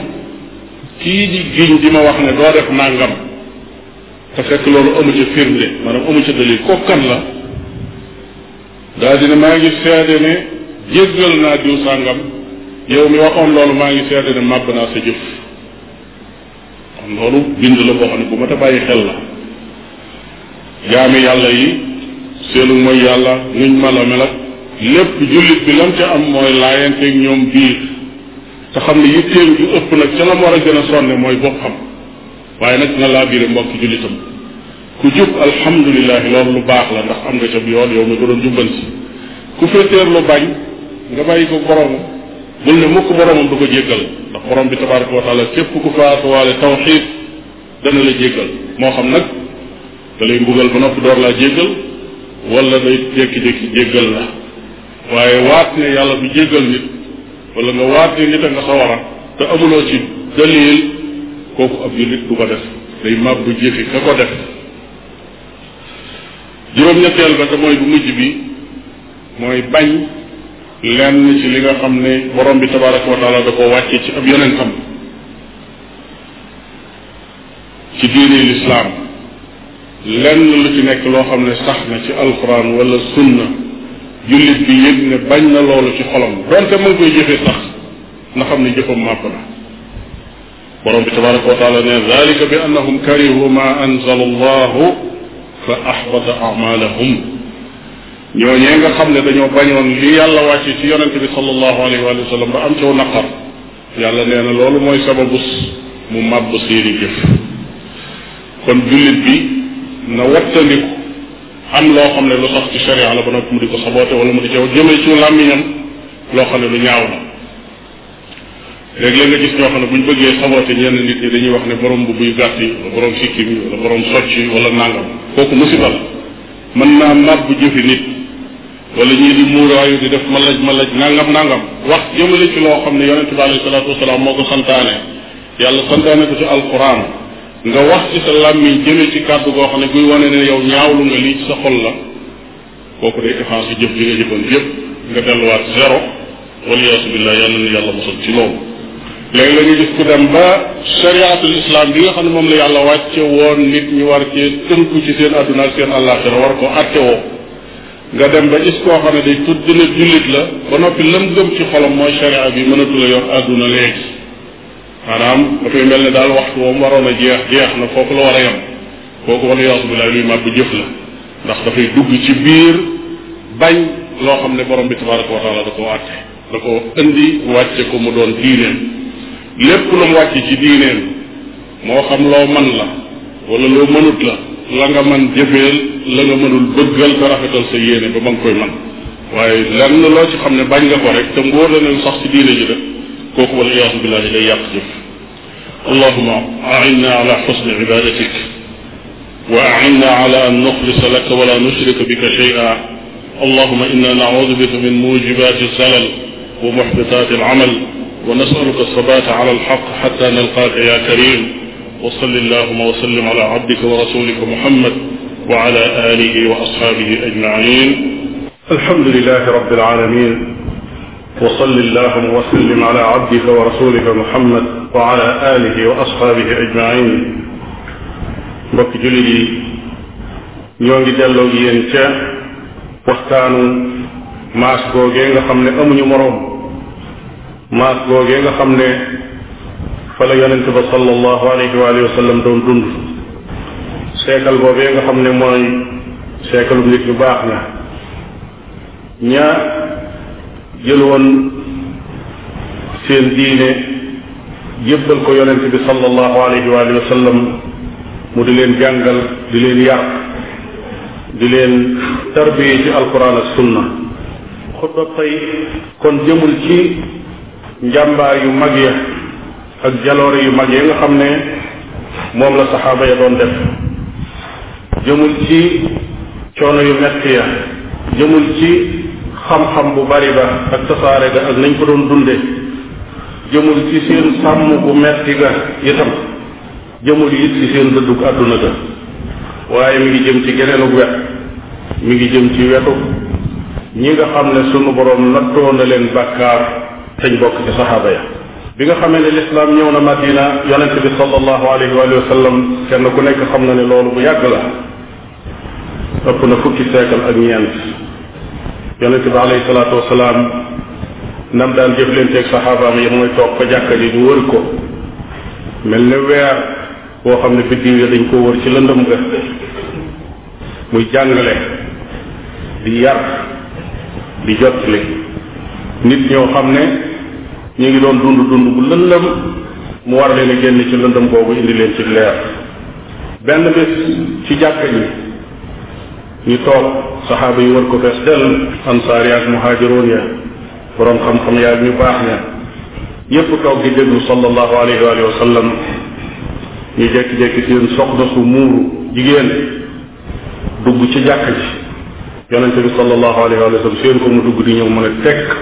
kii di giñ di ma wax ne doo def nàngam te fekk loolu amu ca firnde maanaam amu ca dalil kooku la daa ne maa ngi seede ne jéggal naa diw sàngam yow mi waxoon loolu maa ngi seede ne màbb naa sa jëf kon loolu bind la boo xam ne bu ma ta bàyyi xel la jaami yàlla yi seenu mooy yàlla nuñ mala mel lépp jullit bi lam ca am mooy laayanteeg ñoom biir te xam ne yitteem ju ëpp nag ca la mu war a gën a sonne mooy boppam waaye nag na laa biire mbokki jullitam ku jub alhamdulilah loolu lu baax la ndax am nga ca yoon yow mi ko doon jubbansi ku féeteer lu bañ nga bàyyi ko boroomam bul ne mukk boromam du ko jéggal ndax borom bi tabaraka wa taala képp ku faatuwaale tawxiid dana la jéggal moo xam nag da lay mbugal ba noppi door laa jéggal wala day jékki-jékki jéggal la waaye waat ne yàlla du jéggal nit wala nga waat ne nit a nga sawara te amuloo ci dalil kooku ab jullit du ko def day màbb du jëfi ka ko def juróom-ñetteel ba te mooy bu mujj bi mooy bañ lenn ci li nga xam ne borom bi tabaraka wa taala da ko wàccee ci ab yonentam ci diine lislaam lenn lu ci nekk loo xam ne sax na ci alquran wala sunna jullit bi yëg ne bañ na loolu ci xolam donte mu ngi koy jëfee sax na xam ne jëfam màpp na borom bi tabaraka wa taala ne dalika bi annahum karihu ma anzala allahu fa axbata ñooñee nga xam ne dañoo bañoon lii yàlla wàcce ci yonente bi sallallahu alayhi wa sallam ba am ciw naqar yàlla nee na loolu mooy sababus mu màbb seeni jëf kon julit bi na wattandiku am loo xam ne lu sax ci sharia la ba noppi mu di ko saboote mu di jaw jëmee ci làmmiñam loo xam ne lu ñaaw la léeg nga gis ñoo xam ne bu ñu bëggee saboote ñenn nit ñi dañuy wax ne borom bu buy gàtt yi wala borom sikkim yi wala borom kooku musiba la mën naa màbb jëfi nit wala ñii di muuraayu di def malaj malaj nangam nàngam wax jëmale ci loo xam ne yonente bi alayhi salaatu wasalaam moo ko santaane yàlla santaane ko ci alquran nga wax ci sa làmmiñ jëme ci kàddu goo xam ne guy wane ne yow ñaawlu nga lii ci sa xol la kooku day effacé jëf li nga jëfoon yëpp nga delluwaat zéro waliyaasu billah yàlla na yàlla mosal ci loolu léegi la ñu gis ku dem ba chariatul islam bi nga xam ne moom la yàlla wàcce woon nit ñi war cee tënku ci seen adduna ak seen nga dem ba gis koo xam ne day tudd ne jullit la ba noppi lëm gëm ci xolam mooy sharia bi mënatu yoon àdduna léegi maanaam dafay mel ni daal waxtu woom waroon a jeex jeex na foofu la war a yem kooku wala yaasu billahi luy màbb jëf la ndax dafay dugg ci biir bañ loo xam ne borom bi tabaraka wa taala da koo ko indi wàcce ko mu doon diineen lépp lu wàcce ci diineen moo xam loo man la wala loo mënut la la nga mën jëfeel la nga mënul bëggal ko rafetal sa yéene ba ba nga koy mën waaye lenn loo ci xam ne bañ nga ko rek te mbóor la ne sax ci diine ji la kooku wala iyaasu billahi day yàq jëf allahuma ainna ala xusni ibadatik wa ainna ala an nuxlisa laka wala nushrika bika shay'a allahuma inna naudu bika min mujibati zalal wa muxbitati al amal wa nasaluka alsabata ala alxaq xata nalqaaka ya karim wa salli allahuma wa sallim ala abdika wa rasulika muhammad wa ala alihi wa ashabihi ajmain alhamdulilahi rabbil alamin wa salli allahuma wa sallim ala abdika wa rasulika muhammad wa ala alihi wa ashabihi ajmain mbokki jullit yi ñoo ngi delloo gi yéen ca waxtaanu maas googee nga xam ne amuñu moroom maas googee nga xam ne fa la yonent ba sallallahu alayhi wa xam ne mooy seekalu nit ñu baax na ña jël woon seen diine jébbal ko yonent bi sallallahu alayhi wa alihi mu di leen jàngal di leen yar di leen tarbiye ci alquran ak sunna xutba kon jëmul ci njàmbaar yu mag ya ak jaloore yu mag yi nga xam ne moom la saxaaba ya doon def jëmul ci coono yu metti ya jëmul ci xam-xam bu bari ba ak tasaare ga ak nañ ko doon dunde jëmul ci seen sàmm bu metti ga itam jëmul yi ci seen dëddug àdduna ga waaye mi ngi jëm ci geneenu wet mi ngi jëm ci wetu ñi nga xam ne sunu boroom nattoo na leen bàkkaar tañ bokk ci saxaaba ya bi nga xamee ne lislaam ñëw na madina yonente bi sallallahu alayhi wa sallam kenn ku nekk xam na ne loolu bu yàgg la ëpp na fukki siècle ak ñeent yonente bi alayhi salaatu wasalaam nam daan jëflanteeg saxaabaam yi mooy toog fa jàkka ji ñu wër ko mel ne weer boo xam ne biddiw yi dañ ko wër ci lëndëm ga muy jàngale di yar di jottali nit ñoo xam ne ñu ngi doon dund dund bu lëndëm mu war leen a génn ci lëndëm boobu indi leen ci leer benn bés ci jàkka yi ñu toog saxaaba yi war ko fees dell ansaar yaag muhaajiroon ya boroom xam-xam yaag ñu baax ña yépp toog di déglu sallallahu alayhi wa sallam ñu jekki-jekki seen soxna su muuru jigéen dugg ci jàkk ji yonente bi sallallahu alayhi wa seen ko mu dugg di ñëw mën a tekk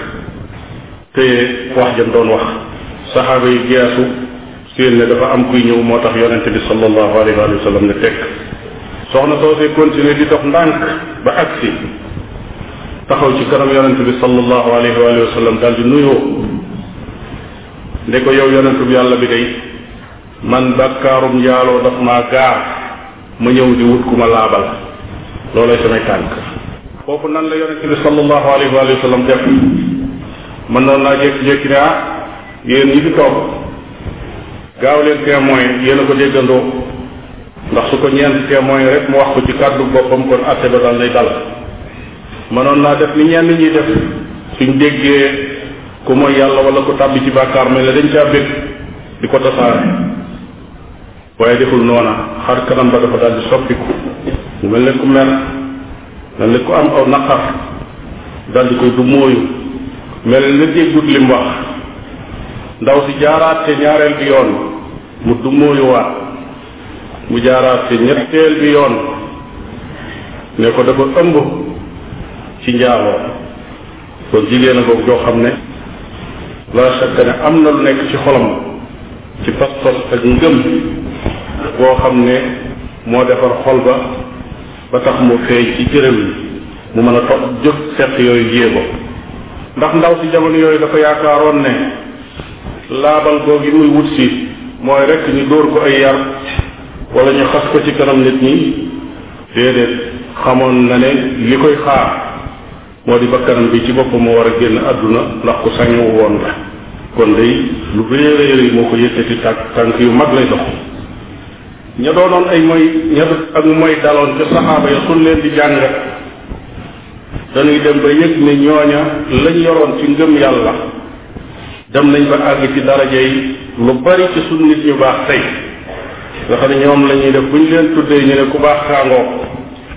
te wax jëm doon wax saxaaba yi geesu seen ne dafa am kuy ñëw moo tax yonente bi sallallahu alayhi wa sallam ne tekk soxna soosee continuer di dox ndànk ba agsi taxaw ci kanam yonente bi sallallahu alayhi wa sallam daal di nuyoo ko yow yonente yàlla bi day man bakkaarum njaaloo daf maa gaar ma ñëw di wut ku ma laabal loolay samay tànk foofu nan la yonente bi sallallahu alayhi wa sallam mën na laa jékki-jékki ne ah yéen ñi fi toog gaaw leen témoin yéen a ko déggandoo ndax su ko ñeent témoin rek mu wax ko ci kàddu boppam kon atte ba daal lay dal mënoon naa def ni ñenn ñi def suñ déggee ku mooy yàlla wala ko tàbbi ci bàkkaar mel ne dañ caa bég di ko tasaare waaye deful noona xar kanam ba dafa daal di soppiku mu mel ne ku mer mel ne ku am aw naqar daal di koy du mooyu mel na déggut li mu wax ndaw si jaaraat ca ñaareel bi yoon mu dummóoyuwaat mu jaaraat ca ñetteel bi yoon ne ko dafa ëmb ci njaaloo kon jigéen a boog joo xam ne la shakka ne am na lu nekk ci xolam ci pas-pas ak ngëm boo xam ne moo defar xol ba ba tax mu feeñ ci jërëm mu mën a topp jóg seq yooyu jéego ndax ndaw si jamono yooyu dafa yaakaaroon ne laabal googi muy wut si mooy rekk ñu dóor ko ay yar wala ñu xas ko ci kanam nit ñi déedéet xamoon na ne li koy xaar moo di ba bakkanam bi ci boppam moo war a génn àdduna ndax ku sañu woon la kon day lu réeréer yi moo ko yëkkati tànk yu mag lay dox ña ay mooy ña ak mooy daloon ca saxaaba ya suñ leen di jàngat dañuy dem ba yëg ne ñooña lañ yoroon ci ngëm yàlla dem nañ ba àgg ci daraja yi lu bari ci suñ nit ñu baax tey nga xam ne ñoom la ñuy def bu ñu leen tuddee ñu ne ku baax xaangoo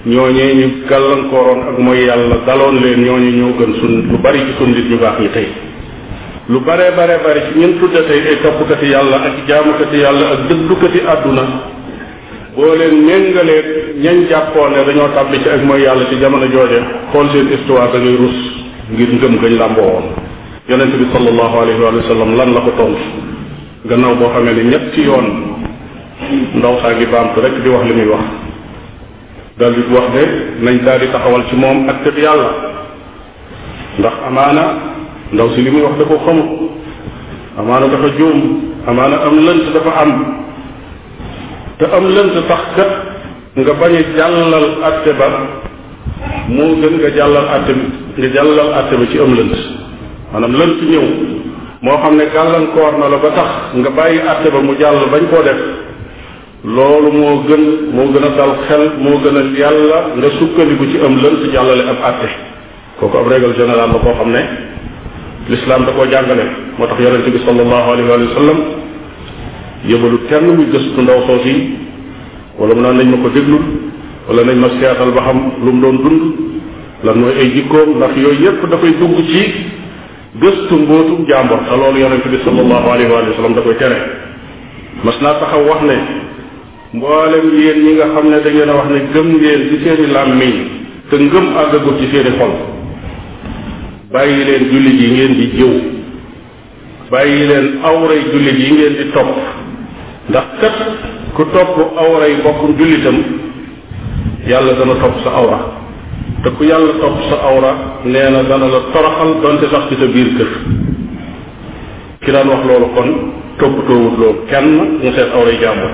ñooñee ñu gàllankooroon ak mooy yàlla daloon leen ñooñu ñoo gën suñ lu bari ci suñ ñu baax ñi tey lu baree bare bari ci ñun tudde tey ay toppkati yàlla ak jaamukati yàlla ak dëddukati àdduna boo leen méngalee ñañ jàppoon ne dañoo tàbbi ci ak mooy yàlla ci jamono jooje xool seen histoire da ngay rus ngir ngëm gañ làmboo woon yonent bi sallallahu alayhi wa sallam lan la ko tontu gannaaw boo xamee ne ci yoon ndaw saa ngi baamtu rek di wax li muy wax dal di wax ne nañ daal di taxawal ci moom ak tëb yàlla ndax amaana ndaw si li muy wax da xamut amaana dafa juum amaana am lënt dafa am te am lënt tax kat nga bañ a jàllal atte ba moo gën nga jàllal atte bi nga jàllal atte ba ci am lënt maanaam lënt ñëw moo xam ne gàllankoor na la ba tax nga bàyyi atte ba mu jàll bañ koo def loolu moo gën moo gën a dal xel moo gën a yàlla nga sukkandiku ci am lënt jàllale ab atte kooku ab règle générale la koo xam ne l'islam da koo jàngale moo tax yonente bi sallallahu alayhi wa sallam yëbalu ten muy gëstu ndaw soos yi wala mu naan nañ ma ko déglu wala nañ ma seetal ba xam lu mu doon dund lan mooy ay jikkoom ndax yooyu yépp dafay dugg ci gëstu mbootum jàmbor te loolu yonente bi sallallahu wa sallam da koy mas naa taxaw wax ne mboolem yéen ñi nga xam ne da a wax ne gëm ngeen ci seeni làmmiñ te ngëm àggagul ci seeni xol bàyyi leen jullit yi ngeen di jëw bàyyi leen awray jullit yi ngeen di topp ndax kat ku topp awra yi mbokkum jullitam yàlla dana topp sa awra te ku yàlla topp sa awra nee na dana la toroxal donte sax ci sa biir kër ki daan wax loolu kon toppatoowut loolu kenn mu seet awra jàmbur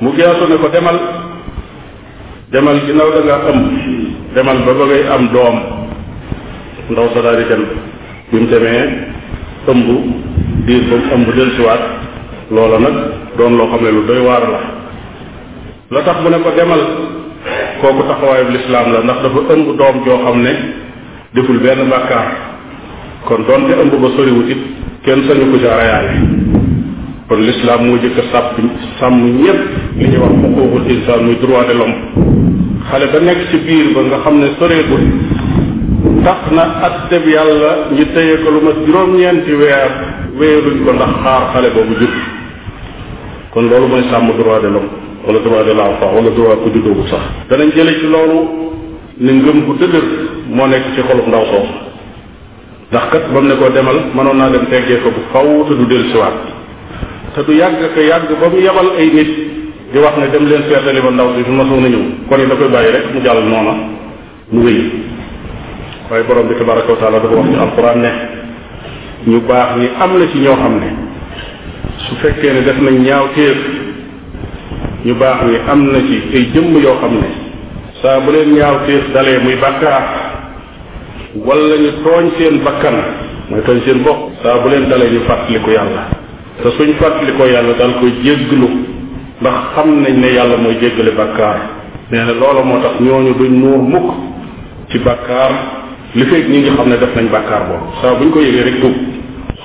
mu giyaasu ne ko demal demal ginnaaw da ngaa am demal ba ba ngay am doom ndaw sa daal di dem demee ëmb diir ba mu ëmb dellusiwaat loola nag doon loo xam ne lu doy waar la la tax bu ne ko demal kooku taxawaayub lislaam la ndax dafa ëmb doom joo xam ne deful benn bàkkaar kon doonte ëmb ba soriwut it kenn sañu ko ca kon lislaam moo jëkk a sàpp sàmm ñépp li ñuy wax xuquuqul insaan muy droit de xale ba nekk ci biir ba nga xam ne soreegul tax na atteb yàlla ñu téye ko lu ma juróom-ñeenti weer weeruñ ko ndax xaar xale boobu jub kon loolu mooy sàmm droit de l'homme wala droit de l'enfant wala droit ku juddoobu sax danañ jële ci loolu ne ngëm gu dëgër moo nekk ci xolub ndaw soosu ndax kat ba mu ne ko demal mënoon naa dem teggee ko bu faw te du dellusiwaat te du yàgg ko yàgg ba mu yebal ay nit di wax ne dem leen seetali ba ndaw si fi masoon a ñëw kon yi da koy bàyyi rek mu jàll noona mu wéy waaye borom bi tabaraka wa taala dafa wax ci alquran ne ñu baax ñi am na ci ñoo xam ne su fekkee ne def nañ ñaaw téef ñu baax ni am na ci ay jëmm yoo xam ne saa bu leen ñaaw téef dalee muy bakkaar wala ñu tooñ seen bakkan mooy tooñ seen bopp saa bu leen dalee ñu fàttaliku yàlla te suñ fàttalikoo yàlla dal koy jégglu ndax xam nañ ne yàlla mooy jéggale bakkaar nee na loola moo tax ñooñu duñ nuur mukk ci bakkaar li fekk ñi ngi xam ne def nañ bakkaar boobu saa buñ ko yëgee rek tuub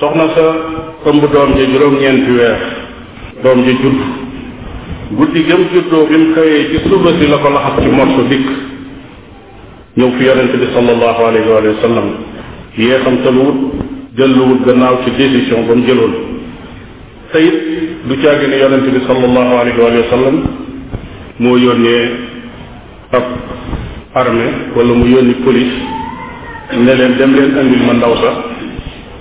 soxna sa ëmb doom ja juróom-ñeenti weer doom ja judd guddi gëm juddoo bi mu xëyee ci suba si la ko laxas ci morso dikk ñëw fi yonente bi sallallahu alayhi wa yee xam te lu wut jël lu wut gannaaw ci décision ba mu jëloon te du caagi ne yonente bi sallallahu alayhi wa moo yónnee ab armée wala mu yónni police ne leen dem ma ndaw sax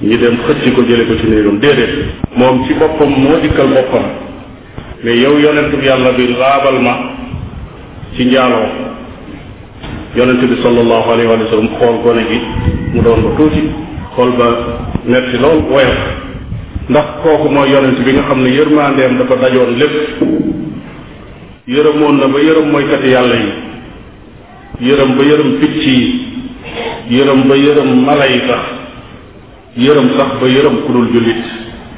ñi dem xëcc ko jële ko ci néegam déedéet moom ci boppam moo dikkal boppam mais yow yonent bi yàlla bi laabal ma ci njaaloo yonent bi sallallahu alayhi wa sallam xool gone gi mu doon ba tuuti xool ba metti lool woyof ndax kooku mooy yonent bi nga xam ne yërmandeem dafa dajoon lépp yërëmoon na ba yërëm mooykati yàlla yi yërëm ba yërëm picc yi yërëm ba yërëm mala yërëm sax ba yërëm ku dul jullit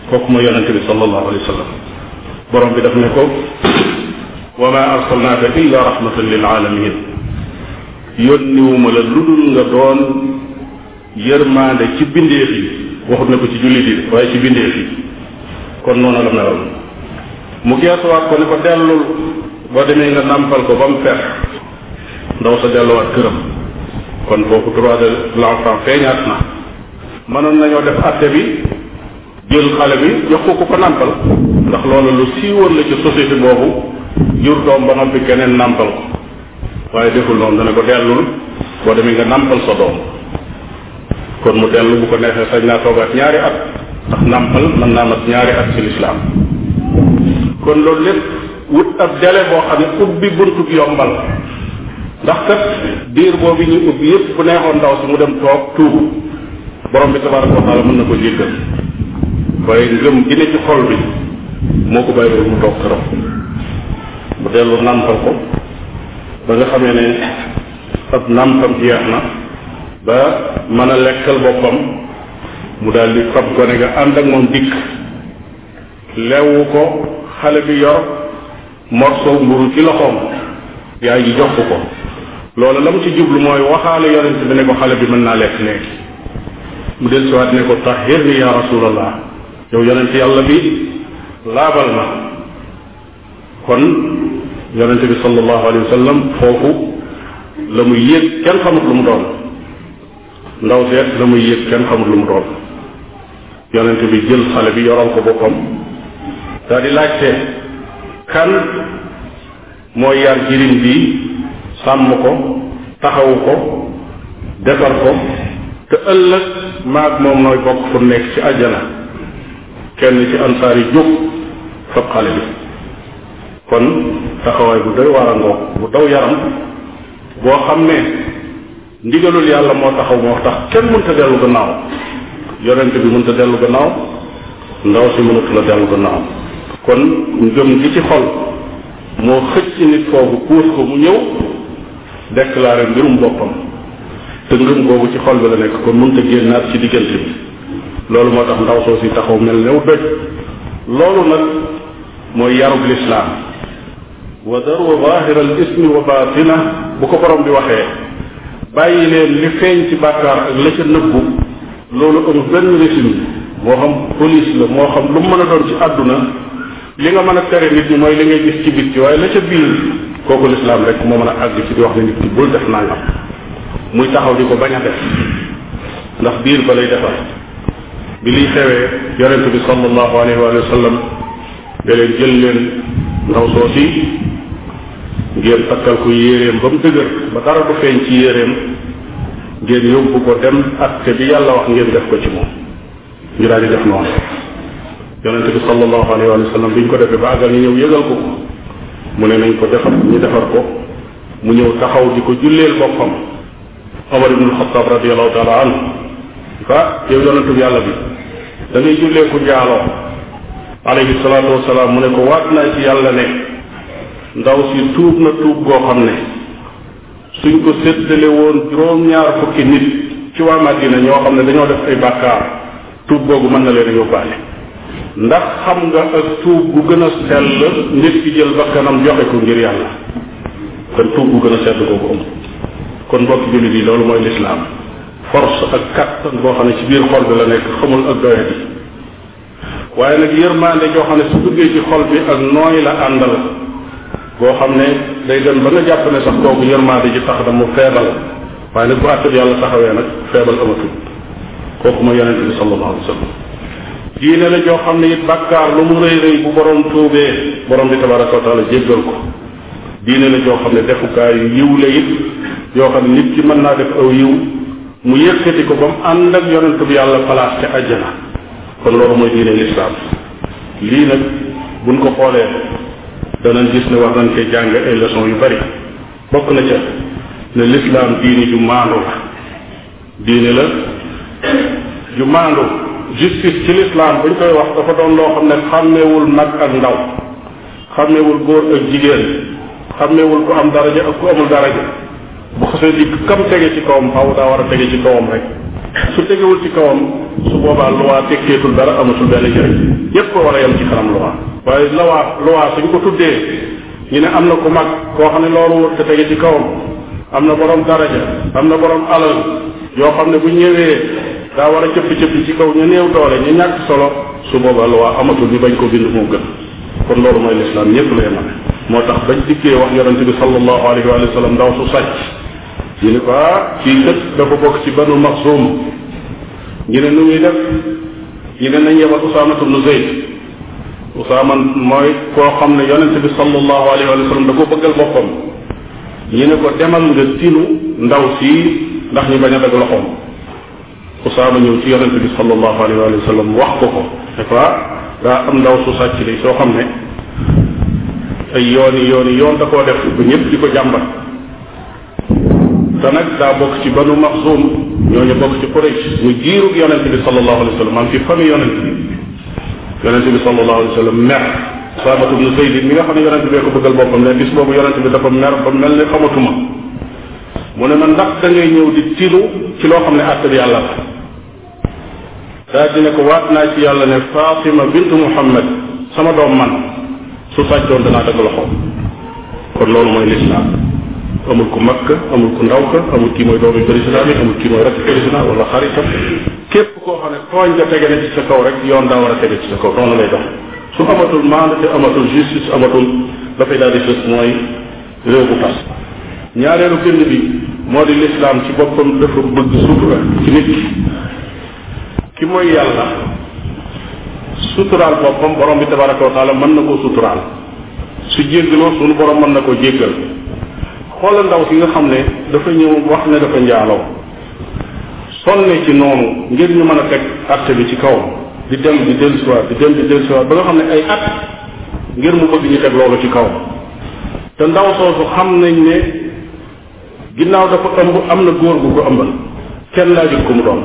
kooku mooy yonente bi sallallahu alayhi wa sallam borom bi daf ne ko wa ma arsalnaaka illa rahmatan lil alamin yónniwuma la lu dul nga doon yërmaande ci bindeef yi waxut na ko ci jullit yi waaye ci bindeef yi kon noonu la meloon mu geesuwaat ko ne ko dellul boo demee nga nàmpal ko ba mu fex ndaw sa delluwaat këram kon foofu droit de l'enfant feeñaat na mënoon nañoo def atte bi jël xale bi jox ko ku ko nàmpal ndax loolu lu siiwoon la ci société boobu jur doom ba noppi keneen nàmpal ko waaye deful noonu dana ko dellul boo demee nga nàmpal sa doom kon mu dellu bu ko neexee sañ naa toogaat ñaari at ndax nàmpal mën naa mat ñaari at ci lislaam kon loolu lépp wut ab délai boo xam ne ubbi buntu bi yombal ndax kat diir boobu ñu ubbi yépp bu neexoon ndaw si mu dem toog tuubu borom bi tabaraka wa mën na ko jéggal waaye ngëm gi ci xol bi moo ko bàyyi mu toog këram mu dellu nàmpal ko ba nga xamee ne ab nàmpam jeex na ba mën a lekkal boppam mu daal di fab gone ga ànd ak moom dikk leewu ko xale bi yor morceau mburu ci loxoom yaay ji jox ko loola la mu ci jublu mooy waxaale yonent bi ne ko xale bi mën naa lekk léegi mu del siwaat ne ko tahir ni ya rasulallah yow yonent yàlla bi laabal na kon yonent bi sallallahu alayhi foofu la muy yéeg kenn xamut lu mu doon ndaw seet la muy yéeg kenn xamut lu mu doon yonent bi jël xale bi yoral ko boppam daa di laajte kan mooy yar jirim bi sàmm ko taxawu ko defar ko te ëllëg maag moom nooy bokk fu nekk ci àjjana kenn ci ansaar yi jóg fab xale bi kon taxawaay bu doy waar bu daw yaram boo xam ne ndigalul yàlla moo taxaw moo tax kenn mënta dellu gannaaw yonent bi mënta dellu gannaaw ndaw si mënatu dellu gannaaw kon ngëm gi ci xol moo xëcc nit foofu puus ko mu ñëw déclaré mbirum boppam te ngëm googu ci xol bi la nekk kon mënta génnaat ci diggante bi loolu moo tax ndaw soo si taxaw mel new doj loolu nag mooy yarub lislaam wa daru zahira al ismi wa batina bu ko borom bi waxee bàyyi leen li feeñ ci bàkkaar ak la ca nëbbu loolu amul benn régime moo xam police la moo xam lu mu mën a doon ci àdduna li nga mën a tere nit ñi mooy li ngay gis ci bitti waaye la ca biir kooku lislaam rek moo mën a àgg ci di wax na nit ki bul def nangam muy taxaw di ko bañ a def ndax biir ba lay defar bi liy xewee yonent bi sallallahu alayhi wa sallam da leen jël leen ndaw soo si ngeen takkal ko yéeréem ba mu dëgër ba dara du feeñ ci yéeréem ngeen yóbbu ko dem ak te bi yàlla wax ngeen def ko ci moom ñu daal def noonu yonente bi sallallahu alayhi wa sallam bi ñu ko defee ba àggal ñu ñëw yëgal ko mu ne nañ ko defar ñu defar ko mu ñëw taxaw di ko julleel boppam Omar ibn Xattaab radiyallahu taala anhu ah yow yonentu yàlla bi da ngay jullee ku njaaloo alayhi salaatu wasalaam mu ne ko waat naa ci yàlla ne ndaw si tuub na tuub goo xam ne suñ ko séddale woon juróom-ñaar fukki nit ci waa Madina ñoo xam ne dañoo def ay bàkkaar tuub googu mën na leen a yóbbaale ndax xam nga ak tuub gu gën a sell nit ki jël bakkanam joxe ko ngir yàlla kon tuub gu gën a sell googu amul kon mbokki jullit yi loolu mooy lislaam force ak kattan boo xam ne ci biir xol bi la nekk xamul ak doyat waaye nag yërmaande joo xam ne su duggee ci xol bi ak nooy la àndal boo xam ne day gën ba nga jàpp ne sax kooku yërmaande ji tax na mu feebal waaye nag bu àttab yàlla taxawee nag feebal amatul kooku mooy yonente bi sallallahu alayhi wa sallam la joo xam ne it bàkkaar lu mu rëy rëy bu borom tuubee borom bi tabaraka wa taala jéggal ko diine la joo xam ne defukaayu yiw la it yoo xam ne nit ki mën naa def aw yiw mu yëkkati ko ba mu ànd ak yonent bi yàlla place ca àjjana kon loolu mooy diine lislaam lii nag buñ ko xoolee danañ gis ne war nañ koy jàng ay leçon yu bari bokk na ca ne lislaam diine ju maandu la diine la ju maandu justice ci lislaam buñ koy wax dafa doon loo xam ne xàmmewul mag ak ndaw xàmmewul góor ak jigéen xàmmeewul ku am daraja ak ku amul daraja bu xasee di kam tege ci kawam xaw daa war a tege ci kawam rek su tegewul ci kawam su boobaa loi tekkeetul dara amatul benn jëriñ ko war a yem ci kanam loi waaye loi loi suñ ko tuddee ñu ne am na ku mag koo xam ne loolu tege ci kawam am na borom daraja am na borom alal yoo xam ne bu ñëwee daa war a cëpp-cëpp ci kaw ñu néew doole ñu ñàkk solo su boobaa loi amatul ñu bañ koo bind moo gën kon loolu mooy lislaam ñépp lay mane moo tax bañ dikkee wax yonente bi sallallahu alayhi wa sallam ndaw su sàcc ñu ne ko ah kii dëkk dafa bokk ci banu maxsuum ñu ne nu muy def ñu ne nañ yebal Usaama ibnu Zayd Usaama mooy koo xam ne yonente bi sallallahu alayhi wa sallam da ko bëggal boppam ñu ne ko demal nga tinu ndaw si ndax ñu bañ a dagg loxoom Usaama ñëw ci yonente bi sallallahu alayhi wa sallam wax ko ko ne ko ah am ndaw su sàcc li soo xam ne ay yooni yooni yoon da koo def ba ñëpp di ko jàmbat te nag daa bokk ci banu maxsuum ñooñu bokk ci Quraysh muy giirug yonente bi sallallahu alayhi wa sallam maanaam ci famille yonente bi yonente bi sallallahu mer saabatu bnu mi nga xam ne yonente bee ko bëggal boppam ne bis boobu yonente bi dafa mer ba mel ne xamatuma mu ne ma ndax da ñëw di tilu ci loo xam ne àtte bi yàlla la daa dina ko waat naa ci yàlla ne Fatima bint Muhammad sama doom man su sàccoon danaa dagg loxo kon loolu mooy lislaam amul ku mag ka amul ku ndaw ka amul kii mooy doomi président bi amul kii mooy rakk président wala xaritam képp koo xam ne tooñ nga tege na ci sa kaw rek yoon daa war a tege ci sa kaw noonu lay dox su amatul maandu amatul justice amatul dafay daal di fës mooy réew bu tas ñaareelu gënn bi moo di lislaam ci boppam dafa bëgg sutura ci nit ki ki mooy yàlla suturaal boppam borom bi tabaraka wa taala mën na koo suturaal su jéggaloo sunu borom mën na koo jéggal xoola ndaw ki nga xam ne dafa ñëw wax ne dafa njaaloo sonne ci noonu ngir ñu mën a teg atte bi ci kaw di dem di dellusiwaat di dem di dellusiwaat ba nga xam ne ay at ngir mu bëgg ñu teg loolu ci kaw te ndaw soosu xam nañ ne ginnaaw dafa ëmb am na góor gu ko ëmbal kenn laajut ku mu doon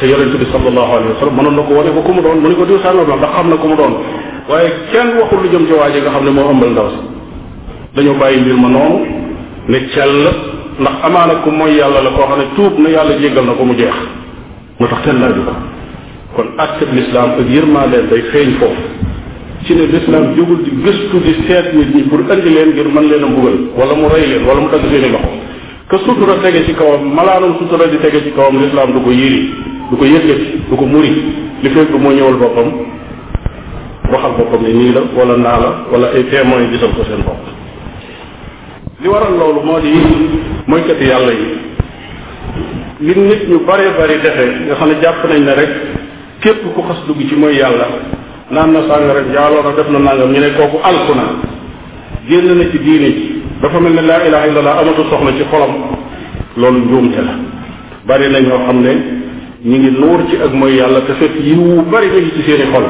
te yonent bi sallallahu alayhi wa sallam mënoon na ko wane ko ku mu doon mu ne ko diw sàngam la ndax xam na ku mu doon waaye kenn waxul lu jëm ci waaje nga xam ne moo ëmbal ndaw si dañoo bàyyi mbir ma noonu ne cell ndax amaana ku mooy yàlla la koo xam ne tuub na yàlla jéggal na ko mu jeex moo tax kenn laaju ko kon acte bi l'islam ak yërmandeem day feeñ foofu ci ne l'islam jógul di di seet nit ñi pour andi leen ngir mën leen a mbugal wala mu rey leen wala mu dagg seeni loxo que sutura tege ci kawam malaanum sutura di tege ci kawam l'islam du ko yiri du ko yëkkati du ko muri li fekk moo ñëwal boppam waxal boppam ne nii la wala naa la wala ay témoins yi gisal ko seen bopp li waral loolu moo di moykati yàlla yi li nit ñu bare bari defee nga xam ne jàpp nañ ne rek képp ku xas dugg ci mooy yàlla naan na sàngara jaaloo na def na nangam ñu ne kooku alku na génn na ci diini ji dafa mel ne laa ilaha illallah amatu soxla ci xolam loolu njuumte la bari na ñoo xam ne ñu ngi nuur ci ak mooy yàlla te fekk yiw wu bari mi ngi ci seeni xol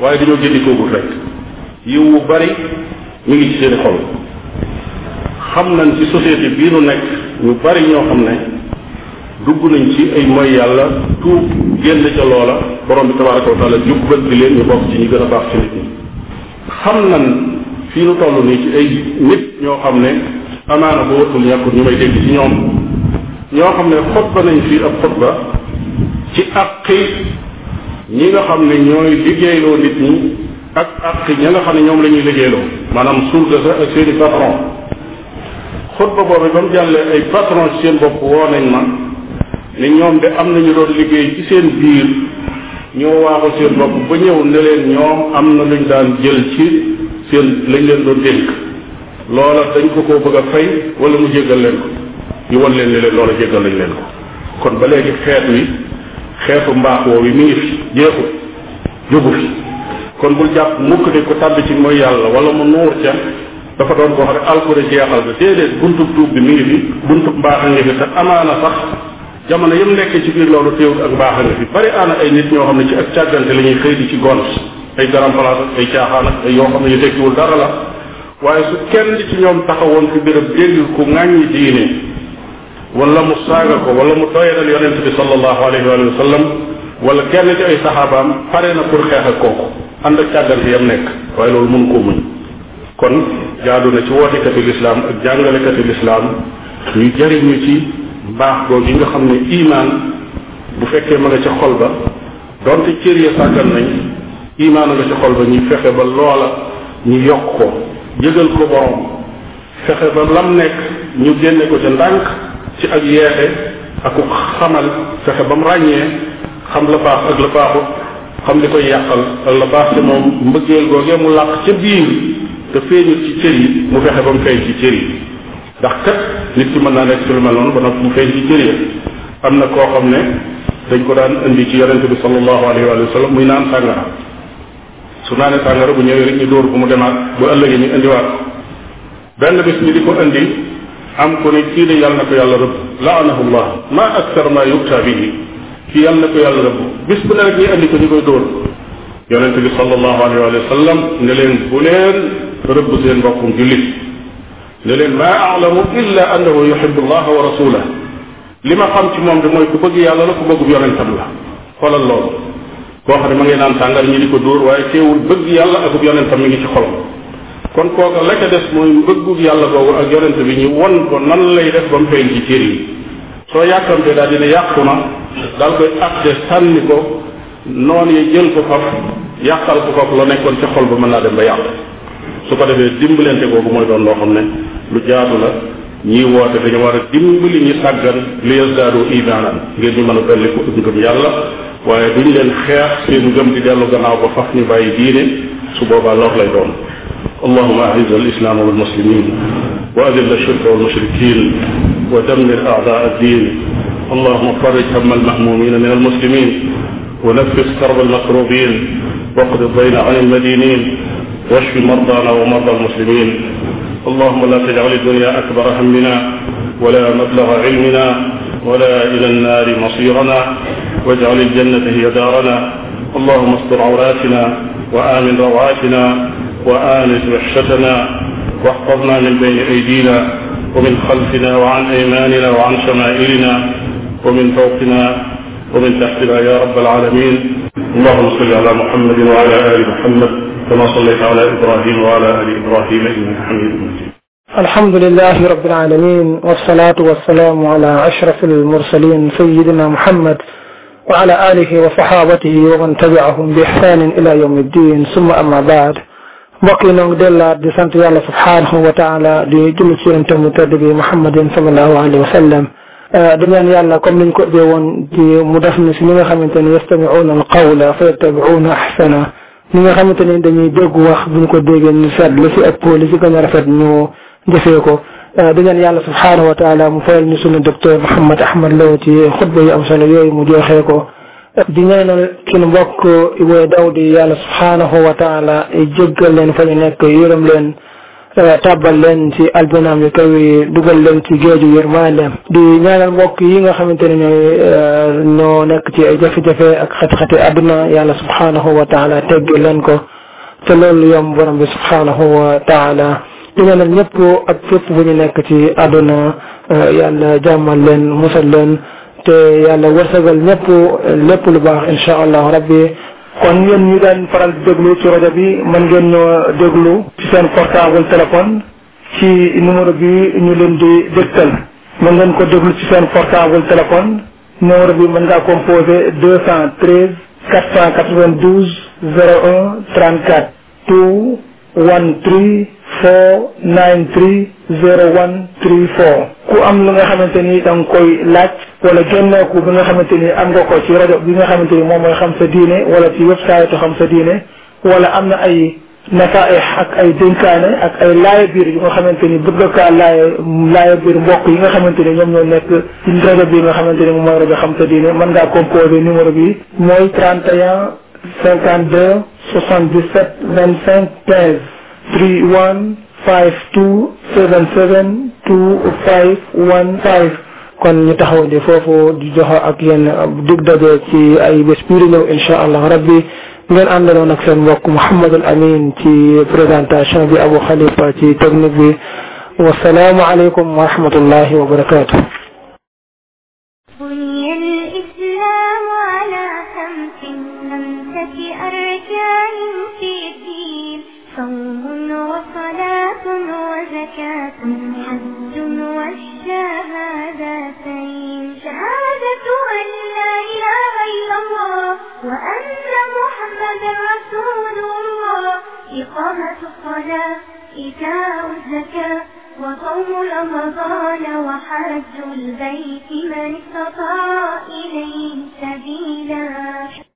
waaye dañoo jëndi koogul rek yiw wu bari mi ngi ci seeni xol xam nañ ci société bii nu nekk ñu bari ñoo xam ne dugg nañ ci ay mooy yàlla tuub génn ca loola borom bi tabaraka wa taala bi leen ñu bokk ci ñi gën a baax ci nit ñi xam nañ fii nu toll nii ci ay nit ñoo xam ne amaana bu watul ñàkkul ñu may dégg ci ñoom ñoo xam ne xutba nañ fii ab xutba ci àq ñi nga xam ne ñooy liggéeyloo nit ñi ak àq ña nga xam ne ñoom lañuy ñuy liggéeyloo maanaam surga sa ak seen i patron xutba boobu ba mu jàllee ay patron ci seen bopp woo nañ ma ne ñoom de am nañu doon liggéey ci seen biir ñoo waaxu seen bopp ba ñëw ne leen ñoom am na luñ daan jël ci seen lañ leen doon dénk loola dañ ko koo bëgg a fay wala mu jéggal leen ko ñu wan leen leen loola jéggal lañ leen ko kon ba léegi xeet wi xeetu mbaax woowu mi ngi fi jeexul jógu fi kon bul jàpp mukk de ku tàbbi ci mooy yàlla wala mu nuur ca dafa doon boo xam ne alkure jeexal bi déedéet buntub tuub bi mi fi buntub mbaax a ngi fi te amaana sax jamono yëpp nekkee ci biir loolu téewul ak mbaax a ngi fi bari aana ay nit ñoo xam ne ci ak càggante la ñuy xëy di ci gont ay garam place ak ay caaxaan ak ay yoo xam ne yu tekkiwul dara la waaye su kenn ci ñoom taxawoon fi béréb dégg ku ŋàññi diine wala mu saaga ko wala mu doyadal yonent bi sallallahu alayhi wa sallam wala kenn ci ay saxaabaam pare na pour xeex ak kooku ànd ak càggante yam nekk waaye loolu mun koo muñ kon jaadu na ci wootekatu lislaam ak jàngalekatu lislaam ñu jariñu ci mbaax gi nga xam ne imaan bu fekkee ma nga ca xol ba donte cër ya sàggan nañ imaan nga ca xol ba ñuy fexe ba loola ñu yokk ko yëgal ko borom fexe ba lam nekk ñu génne ko ca ndànk ci ak yeexe ak ku xamal fexe ba mu ràññee xam la baax ak la baaxut xam li koy yàqal ak la baax te moom mbëggeel googee mu làq ca biir te feeñu ci cër yi mu fexe ba mu feeñ ci cër yi ndax kat nit ki mën naa nekk ci lu noonu ba noppi mu feeñ ci cër yi am na koo xam ne dañ ko daan indi ci yonente bi sallallahu alayhi wa sallam muy naan sàngara su naanee sàngara bu ñëwee rek ñu dóor ko mu demaat bu ëllëgee ñu indiwaat benn bis ñu di ko indi am ku ne kii de yàlla na ko yàlla rëbb laanahu llah ma aktar ma yukta bihi kii yàlla na ko yàlla rëbb bis bu ne rek ñu andi ko ñu koy dóor yonent bi sallallahu alayhi wa sallam ne leen bu leen rëbb seen mbokkum jullit ne leen ma aalamu illa annahu yuhibu allah wa rasulah li ma xam ci moom de mooy ku bëgg yàlla la ku bëggu yonentam la xoolal loolu koo xam ne ma ngay naan sàngar ñi di ko dóor waaye teewul bëgg yàlla akub yonentam mi ngi ci xolam kon kooka la ca des mooy mbëggug yàlla googu ak yonent bi ñu won ko nan lay def ba mu feeñ ci cër yi soo yàkkamtee daal ne yàqu na daal koy atte sànni ko noon yi jël ko faf yàqal ko faf la nekkoon ca xol ba mën naa dem ba yàlla su ko defee dimbalante boobu mooy doon loo xam ne lu jaadu la ñiy woote dañu war a dimbali ñi sàggan li yasdaadu imaanan ngir ñu mën a dolli ko ngëm yàlla waaye ñu leen xeex seen ngëm di dellu gannaaw ba faf ñu bàyyi diine su boobaa lor lay doon اللهم أعز الإسلام والمسلمين وأذل الشرك والمشركين ودمر أعداء الدين اللهم فرج هم المهمومين من المسلمين ونفس كرب المكروبين واقض الدين عن المدينين واشف مرضانا ومرضى المسلمين اللهم لا تجعل الدنيا أكبر همنا ولا مبلغ علمنا ولا إلى النار مصيرنا واجعل الجنة هي دارنا اللهم استر عوراتنا وآمن روعاتنا وآنس وحشتنا واحفظنا من بين أيدينا ومن خلفنا وعن أيماننا وعن شمائلنا ومن فوقنا ومن تحتنا يا رب العالمين اللهم صل على محمد وعلى آل محمد كما صليت على إبراهيم وعلى آل إبراهيم إنك حميد مجيد الحمد لله رب العالمين والصلاة والسلام على أشرف المرسلين سيدنا محمد وعلى آله وصحابته ومن تبعهم بإحسان إلى يوم الدين ثم أما بعد mbokk yi noonu dellaat di sant yàlla subhaanahu wa taala di julli ci yonentam mu tedd bi muhammadin sallallahu alayhi wa sallam euh, di ñaan yàlla comme niñ ko woon mu def ni si ñi nga xamante ni yastamiuuna al qawla fa yattabiuuna ahsana ñi nga xamante ni dañuy dégg wax buñ ko déggee ñu seet li ci ëpp li ci a rafet ñu jëfee ko euh, di ñaan yàlla subhaanahu wa taala mu fayal ñu sunu docteur Mouhamed Ahmad Lo ci xutba yu am solo yooyu mu joxee ko dinañu suñu mbokk way daw di yàlla subhaanahu wa taala jéggal leen fa ñu nekk yërëm leen eh, tabal leen ci albinaam yu kaw dugal leen ci géeju yërmandeem di ñaanal mbokk yi nga xamante ne ñooy eh, ñoo nekk ci ay jafe-jafe ak xat-xati àdduna yàlla subhaanahu wa taala tegg leen ko te loolu yomb borom bi subhaanahu wa taala di ñaanal ñëpp ak fépp bu ñu nekk ci àdduna eh, yàlla jàmmal leen musal leen te yàlla wërsëgal ñëpp lépp lu baax incha allah rabbi kon yéen ñu daan faral di déglu ci rajo bi mën ngeen ñoo déglu ci seen portable téléphone ci numéro bi ñu leen di dégtal mën ngeen ko déglu ci seen portable téléphone numéro bi mën ngaa composé 213 492 01 34 2 1 3 4 9 3 01 34 ku am lu nga xamante ni da nga koy laaj wala génneeku bi nga xamante ni am nga ko ci bi nga xamante ni moom mooy xam sa diine wala ci website xam sa diine wala am na ay nasaih ak ay dénkaane ak ay laaya biir yu nga xamante ni bëgg kaa laaya laaya biir mbokk yi nga xamante ni ñoom ñoo nekk rajo bi nga xamante ni moom mooy rajo xam sa diine mën ngaa composé numéro bi mooy 31 52 77 25 15 31 52 77 25 15 kon ñu di foofu di jox ak yéen uh, dig daje ci ay bés bii di ñëw incha allah rabbi ngeen àndaloon ak seen mbokk Mouhamadul Amin ci présentation bi Abu Khalifa ci technique bi wasalaamualeykum wa rahmatullahi wa barakaatu. شهادتين شهادة أن لا إله إلا الله وأن محمد رسول الله إقامة الصلاة إيتاء الزكاة وصوم رمضان وحج البيت من استطاع إليه سبيلا